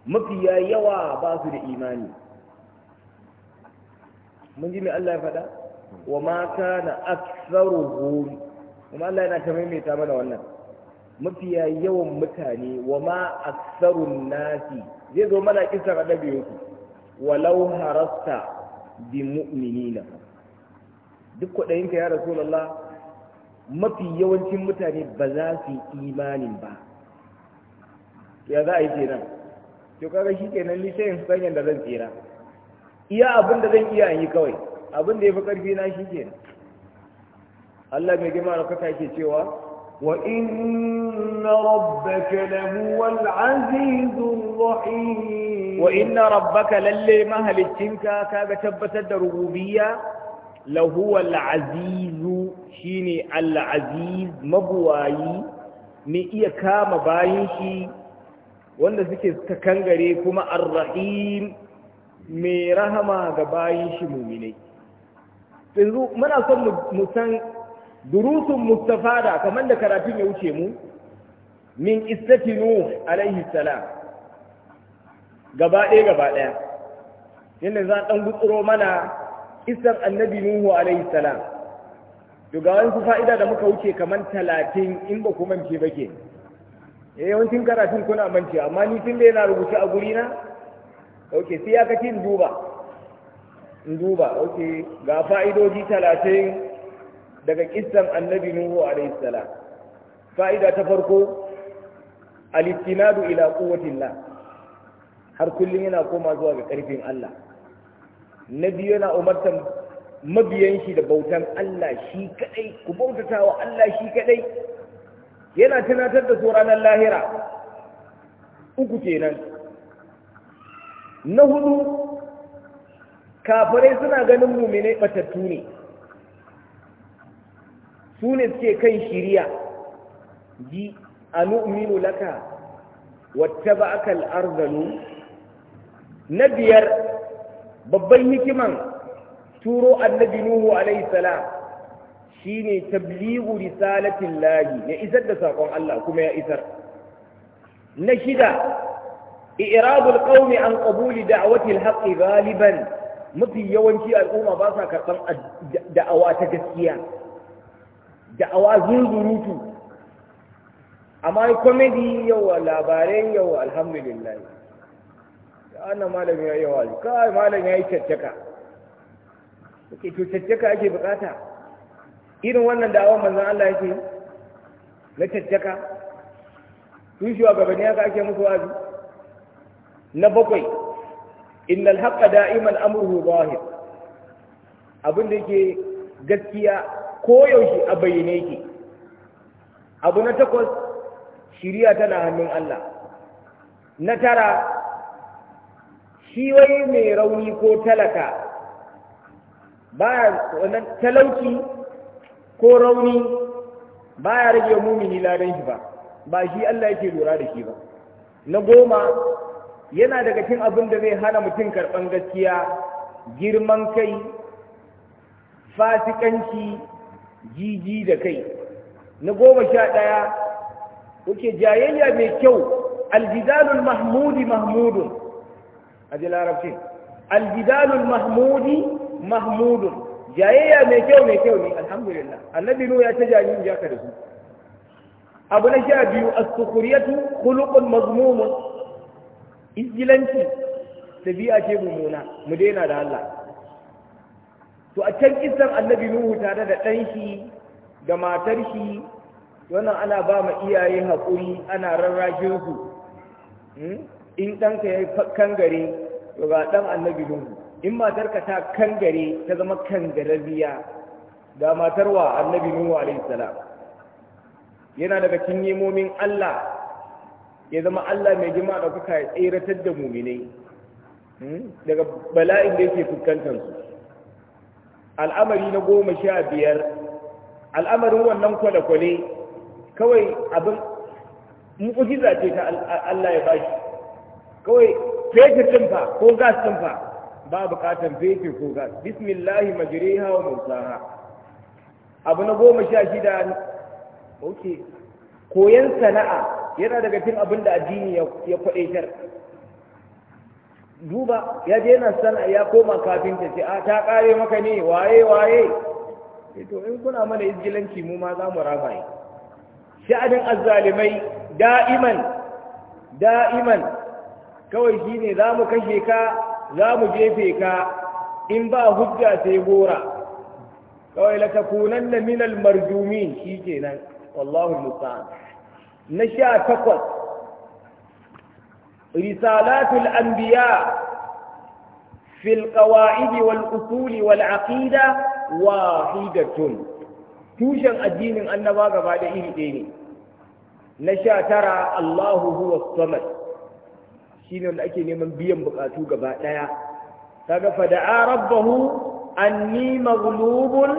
mafi yawa ba su da imani mun ji me Allah ya faɗa wa ma kana hum kuma Allah yana ta maimaita mana wannan mafi yawan mutane wa ma aktharu nasi zai zo mana kisa ga dabiyo walau harasta bi mu'minina duk kwaɗayinka ya rasulullah mafi yawancin mutane ba za su yi imanin ba ya za a yi kenan to kaga shi kenan lisayin sanyan da zan tsira iya abin da zan iya yi kawai abin da ya fi karfi na shi kenan Allah mai girma da kuka yake cewa wa inna rabbaka lahuwal azizur rahim wa inna rabbaka lalle mahalicinka kaga tabbatar da rububiyya lahuwa al'azizu shine al'aziz mabuwayi mai iya kama bayin shi wanda suke suka kangare kuma arrahim mai rahama ga bayin shi mumine yanzu muna son mu san durusun mustafa da kamar da karatun ya wuce mu min istati nuh alaihi salam gaba ɗaya gaba ɗaya yadda za a ɗan gutsuro mana isan annabi nuhu alaihi salam to ga fa'ida da muka wuce kamar talatin in ba ku mance ba ke eh, yawancin karatun kuna mance amma ni tun da yana rubuce a guri na ok sai ya kace in duba in duba ok ga fa'idoji talatin daga kissan annabi nuhu alaihi salam fa'ida ta farko al-istinadu ila quwwatillah har kullum yana koma zuwa ga karfin Allah na biyu yana umartan mabiyan shi da bautan Allah shi kadai ku bautata wa Allah shi kadai yana tunatar da su ranar lahira uku kenan na hudu kafirai suna ganin mumine batattu ne su ne suke kan shiriya ji a nu'minu laka ba ba'akal arzalu na biyar babban hikiman turo annabi nuhu alaihi salam shine tabligu risalatin lahi ya isar da sakon Allah kuma ya isar na shida i'radul qaumi an qabuli da'wati al-haqq galiban mafi yawanci al'umma ba sa karɓar da'awa ta gaskiya da'awa zunzurutu amma komedi yau labarai yau alhamdulillah wannan malam ya yi wazi kawai malam ya yi caccaka suke to caccaka ake bukata irin wannan da awon manzan Allah yake na caccaka sun shi wa gabani haka ake musu wazi na bakwai innal haqqa da'iman amruhu zahir abin da yake gaskiya ko yaushe a bayyane yake abu na takwas shiriya tana hannun Allah na tara shi wai mai rauni ko talaka ba wannan talauci ko rauni ba ya rage mumini ladan shi ba ba shi Allah yake lura da shi ba na goma yana daga cin abin da zai hana mutum karɓan gaskiya girman kai fasikanci jiji da kai na goma sha ɗaya kuke jayayya mai kyau aljidalul mahmudi mahmudun aji larabcin aljidalul mahmudi mahmudun jayayya mai kyau mai kyau ne alhamdulillah annabi nu ya ta jayi ya ka da su abu na sha biyu as-sukhriyatu khuluqun mazmumun izgilanci tabi'a ce mummuna mu daina da Allah to a can kisan annabi nuhu tare da ɗan shi da matar shi wannan ana ba ma iyaye haƙuri ana rarrashin su hmm? in ɗanka ya yi kangare to ga ɗan annabi lungu in matarka ta kangare ta zama kangararriya ga matar wa annabi nuhu alaihi salam yana daga cikin nemomin Allah ya zama Allah mai jima da kuka ya tseratar da muminai hmm? daga bala'in da yake fuskantar su al'amari na goma sha biyar al'amarin wannan kwale-kwale kawai abin mu'ujiza ce ta Allah ya bashi kawai fetur ɗin fa ko gas ɗin fa ba buƙatar fetur ko gas bismillahi majriha wa mursaha abu na goma sha shida ok koyon sana'a yana daga cikin abin da addini ya kwaɗaitar duba ya je yana sana'a ya koma kafinta ce a ta ƙare maka ne waye waye eh, to in kuna mana izgilanci mu ma za mu ramaye sha'anin azzalimai da'iman da'iman kawai shine ne za mu kashe ka za mu jefe ka in ba hujja sai gora kawai la ta kunan na minal marjumi shi ke nan wallahu musa'an na sha takwas risalatul anbiya fil qawaid wal usul wal aqida wahidatun tushen addinin annaba gaba da iri ɗaya ne na sha tara allahu huwa samad shine wanda ake neman biyan bukatu gaba daya kaga fa da'a rabbahu anni maghlubun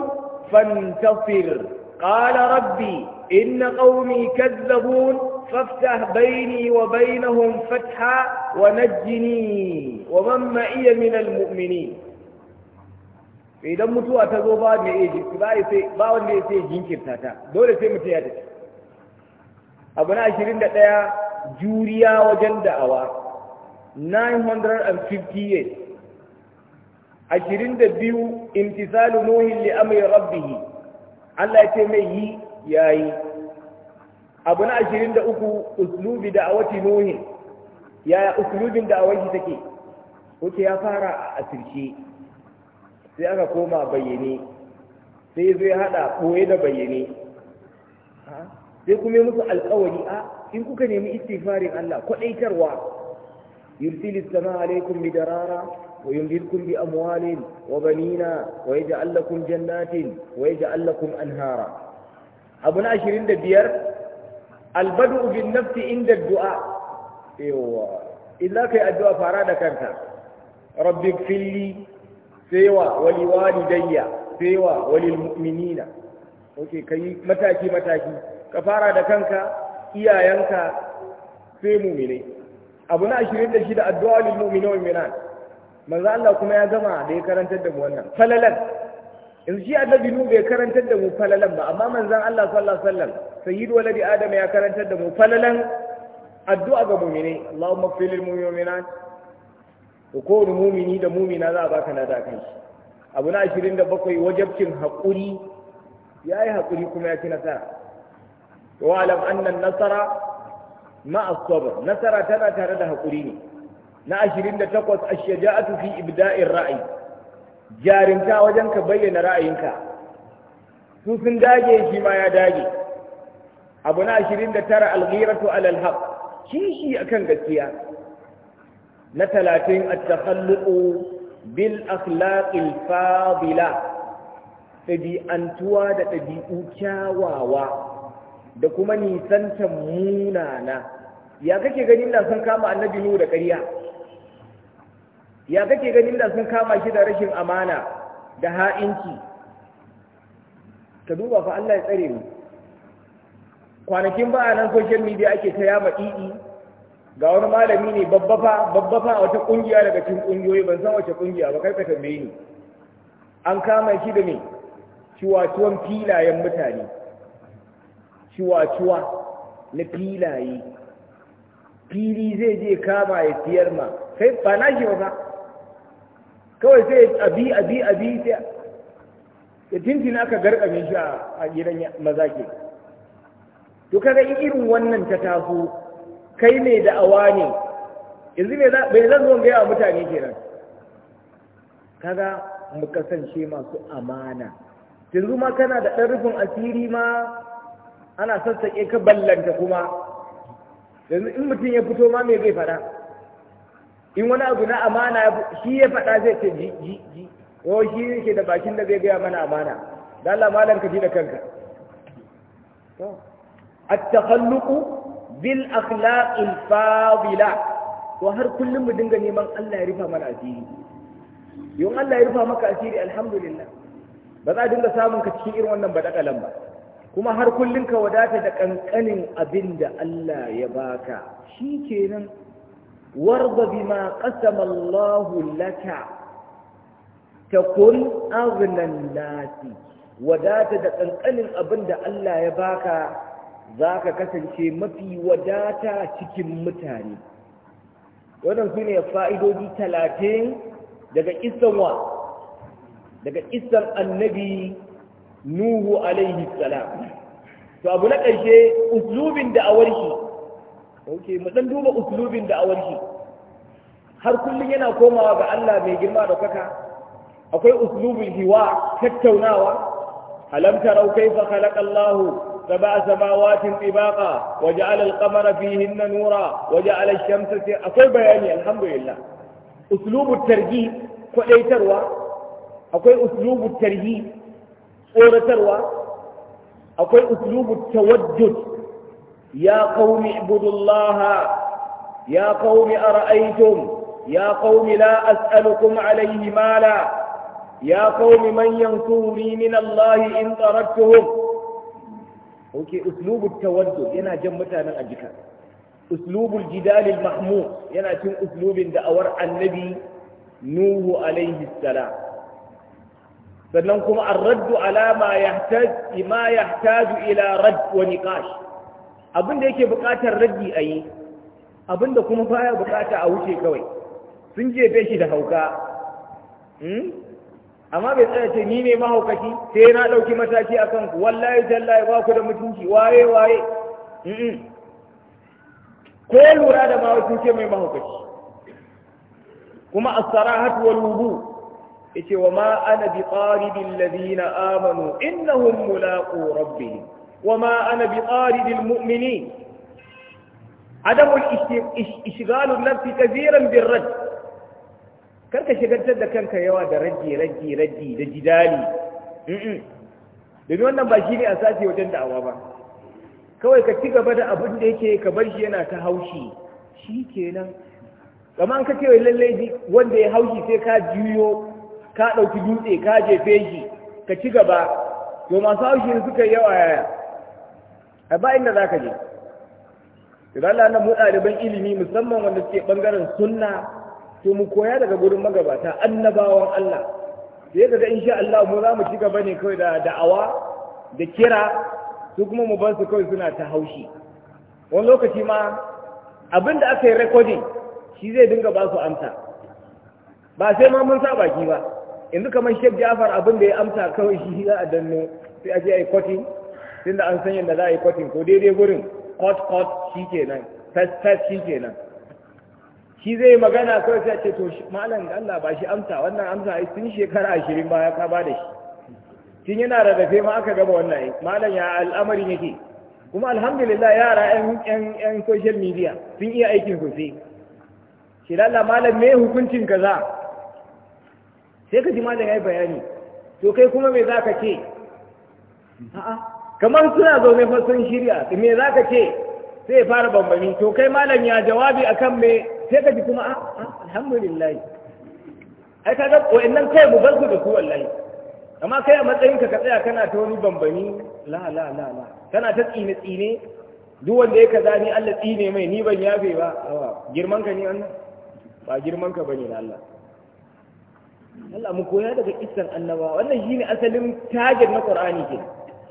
fantasir qala rabbi inna qaumi kadzabun faftah bayni wa bainahum fatha wa najjini wa man ma'iya min almu'minin idan mutuwa ta zo ba mai ba wanda ya sai jinkirta ta dole sai mutum ya tafi abu na ashirin da ɗaya juriya wajen da'awa 950 958 22 imtisalu nuhin li amri rabbih Allah ya mai yi yayi abu na 23 uslubi da awati nuhin ya uslubin da awaji take wuce ya fara a asirce sai aka koma bayyane sai zai hada ɓoye da bayyane sai kuma musu alkawari a in kuka nemi istighfarin Allah kwadaitarwa يرسل السماء عليكم مدرارا ويمددكم بأموال وبنينا ويجعل لكم جنات ويجعل لكم أنهارا أبو ناشرين دبير البدء بالنفس عند الدعاء إيوه إذا كي الدعاء فارادة كانت رب اغفر لي سوى ولوالدي سوى وللمؤمنين أوكي كي متاكي متاكي كفارة كانك إيايانك sai mumine abu na ashirin da shi da addu'a lil mu'minina wal mu'minat manzo Allah kuma ya gama da ya karantar da mu wannan falalan in shi annabi nu bai karantar da mu falalan ba amma manzon Allah sallallahu alaihi wasallam sayyidu waladi adam ya karantar da mu falalan addu'a ga mu'mini Allahumma ighfir lil mu'minat to ko mu'mini da mu'mina za a baka na da kai abu na ashirin da bakwai wajabcin haƙuri ya yi haƙuri kuma ya ci nasara wa alam annan nasara ma'a sabr nasara tana tare da haƙuri ne na 28 ash-shaja'atu fi ibda'in ra'ayi. jarinta wajen ka bayyana ra'ayinka su sun dage shi ma ya dage abu na ashirin da tara 'ala al-haq kishi akan gaskiya na talatin at-takhalluqu bil akhlaqil fadila tabi'antuwa da ɗabi'u kyawawa da kuma nisanta munana ya kake ganin da sun kama annabi nuhu da ƙarya ya kake ganin da sun kama shi da rashin amana da ha'inci ka duba fa Allah ya tsare mu kwanakin ba nan social media ake ta yaba ɗiɗi ga wani malami ne babbafa babbafa a wata ƙungiya daga cikin ƙungiyoyi ban san wace kungiya ba kai ka tambaye ni an kama shi da me ciwatuwan filayen mutane ciwa-ciwa na filaye fili zai je kama ya siyar ma kai ba na shi ba kawai sai abi abi abi sai ya tintin aka garkame shi a gidan maza to kaga irin wannan ta taso kai ne da awa ne yanzu bai zan zo gaya mutane kenan kaga mu kasance masu amana yanzu ma kana da ɗan rufin asiri ma ana sassaƙe ka ballanta kuma yanzu in mutum ya fito ma me zai faɗa in wani abu na amana shi ya faɗa zai ce ji ji ji ko shi yake da bakin da zai gaya mana amana da Allah malam ka ji da kanka at-takhalluqu bil akhlaqil fadila to har kullum mu dinga neman Allah ya rufa mana asiri yau Allah ya rufa maka asiri alhamdulillah ba za a dinga samun ka cikin irin wannan badakalan ba kuma har kullum ka wadata da ƙanƙanin abin da Allah ya baka shi kenan bi ma ƙasa Allahu laka takun aghnan nasi wadata da ƙanƙanin abin da Allah ya baka za ka kasance mafi wadata cikin mutane wannan ne fa'idodi talatin daga isan wa daga annabi nuhu alaihi salam to abu na ƙarshe uslubin da awar shi okay mu dan duba uslubin da awar har kullum yana komawa ga Allah mai girma da kaka akwai uslubin hiwa tattaunawa alam tarau kaifa khalaqa Allah سبع سماوات طباقا وجعل القمر فيهن نورا وجعل الشمس في أقول بياني الحمد لله أسلوب الترجيب كأي تروى أقول أسلوب الترجيب tsoratarwa akwai uslubu tawajjud ya qaumi ibudullaha ya qaumi ara'aytum ya qaumi la as'alukum alayhi mala ya qaumi man yansuruni min allahi in taraktuhum oke uslubu tawajjud yana jan mutanen ajika uslubul jidal al mahmud yana cin uslubin da'awar annabi nuhu alayhi salam sannan kuma an raddu alama ma yahtaj ma yahtaju ila radd wa niqash abin yake buƙatar raddi a yi, abinda kuma baya buƙata a wuce kawai sun jefe shi da hauka hmm? amma bai tsaya ce ni ne mahaukaci sai na ɗauki mataki a kanku wallahi tallahi ba ku da mutunci waye waye ko lura da ma ce mai mahaukaci kuma a tsara wal wudu yace wa ma ana bi qaridil ladina amanu innahum mulaqu rabbihim wa ma ana bi qaridil mu'minin عدم الاشغال النفس كثيرا بالرد karka shigantar da kanka yawa da raji raji raji da jidali domin wannan ba shi ne a sace wajen da'awa ba kawai ka ci gaba da abin da yake ka bar shi yana ta haushi shi kenan amma an ka ce wai lallai wanda ya haushi sai ka juyo ka ɗauki dutse ka jefe shi ka ci gaba to masu haushi suka yi yawa yaya a ba inda za ka je Da Allah na mu ɗaliban ilimi musamman wanda suke ɓangaren sunna to mu koya daga gurin magabata annabawan Allah sai kaga insha Allah mu za mu ci gaba ne kawai da da'awa da kira su kuma mu bar su kawai suna ta haushi wani lokaci ma abin da aka yi rekodin shi zai dinga ba su amsa ba sai ma mun sa baki ba yanzu kamar shek jafar abin da ya amsa kawai shi za a danno sai a ce a yi kwatin tun da an san yadda za a yi kwatin ko daidai gurin kot kot shi ke nan. tas shi nan shi zai magana kawai sai a ce to malam da Allah ba shi amsa wannan amsa ai tun shekara ashirin baya ka ba da shi tun yana rarrafe ma aka gaba wannan ai malam ya al'amari yake kuma alhamdulillah yara yan yan social media sun iya aikin sosai shi lalla malam me hukuncin kaza sai ka ji malam ya yi bayani to kai kuma me za ka ce a'a kamar suna zaune fa sun shirya me za ka ce sai ya fara bambami to kai malam ya jawabi akan me sai ka ji kuma a alhamdulillah ai kaga wa'annan kai mu bar su da su wallahi amma kai a matsayinka ka tsaya kana ta wani bambami la la la la kana ta tsine tsine duk wanda ya kaza ni Allah tsine mai ni ban yafe ba girman ka ne wannan ba girman ka bane na Allah Allah mu koya daga kissan annabawa wannan shi ne asalin target na Qur'ani ke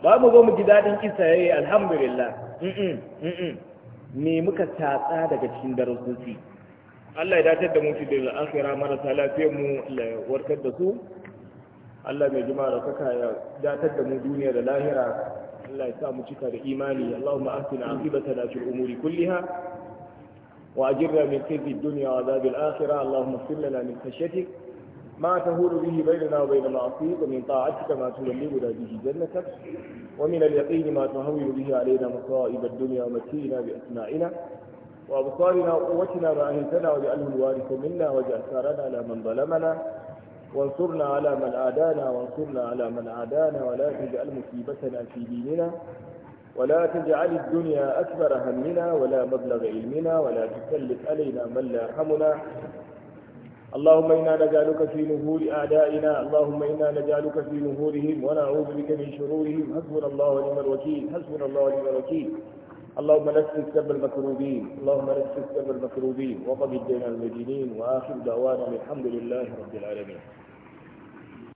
ba mu zo mu ji dadin kissa yi eh, alhamdulillah me muka tatsa daga cikin darasusi Allah ya datar da mu shi da akhira marasa lafiyar mu Allah warkar da su Allah mai jima da saka ya datar da mu duniya da lahira Allah ya sa mu cika da imani Allahumma ahsina da fil umuri kulliha wa ajirna min khizyi dunya wa adhabil akhirah Allahumma fil lana min khashyatik ما تهول به بيننا وبين معصيك ومن طاعتك ما تبلغنا به جنتك ومن اليقين ما تهون به علينا مصائب الدنيا ومتينا بأسماعنا وأبصارنا وقوتنا ما أهلتنا واجعله الوارث منا واجعل ثارنا على من ظلمنا وانصرنا على من عادانا وانصرنا على من عادانا ولا تجعل مصيبتنا في ديننا ولا تجعل الدنيا أكبر همنا ولا مبلغ علمنا ولا تسلط علينا من لا يرحمنا اللهم إنا نجعلك في نهور أعدائنا اللهم إنا نجعلك في نهورهم ونعوذ بك من شرورهم حسبنا الله ونعم الوكيل حسبنا الله ونعم الوكيل اللهم نفس سب المكروبين اللهم نفس سب المكروبين وقضي الدين المدينين وآخر دعوانا الحمد لله رب العالمين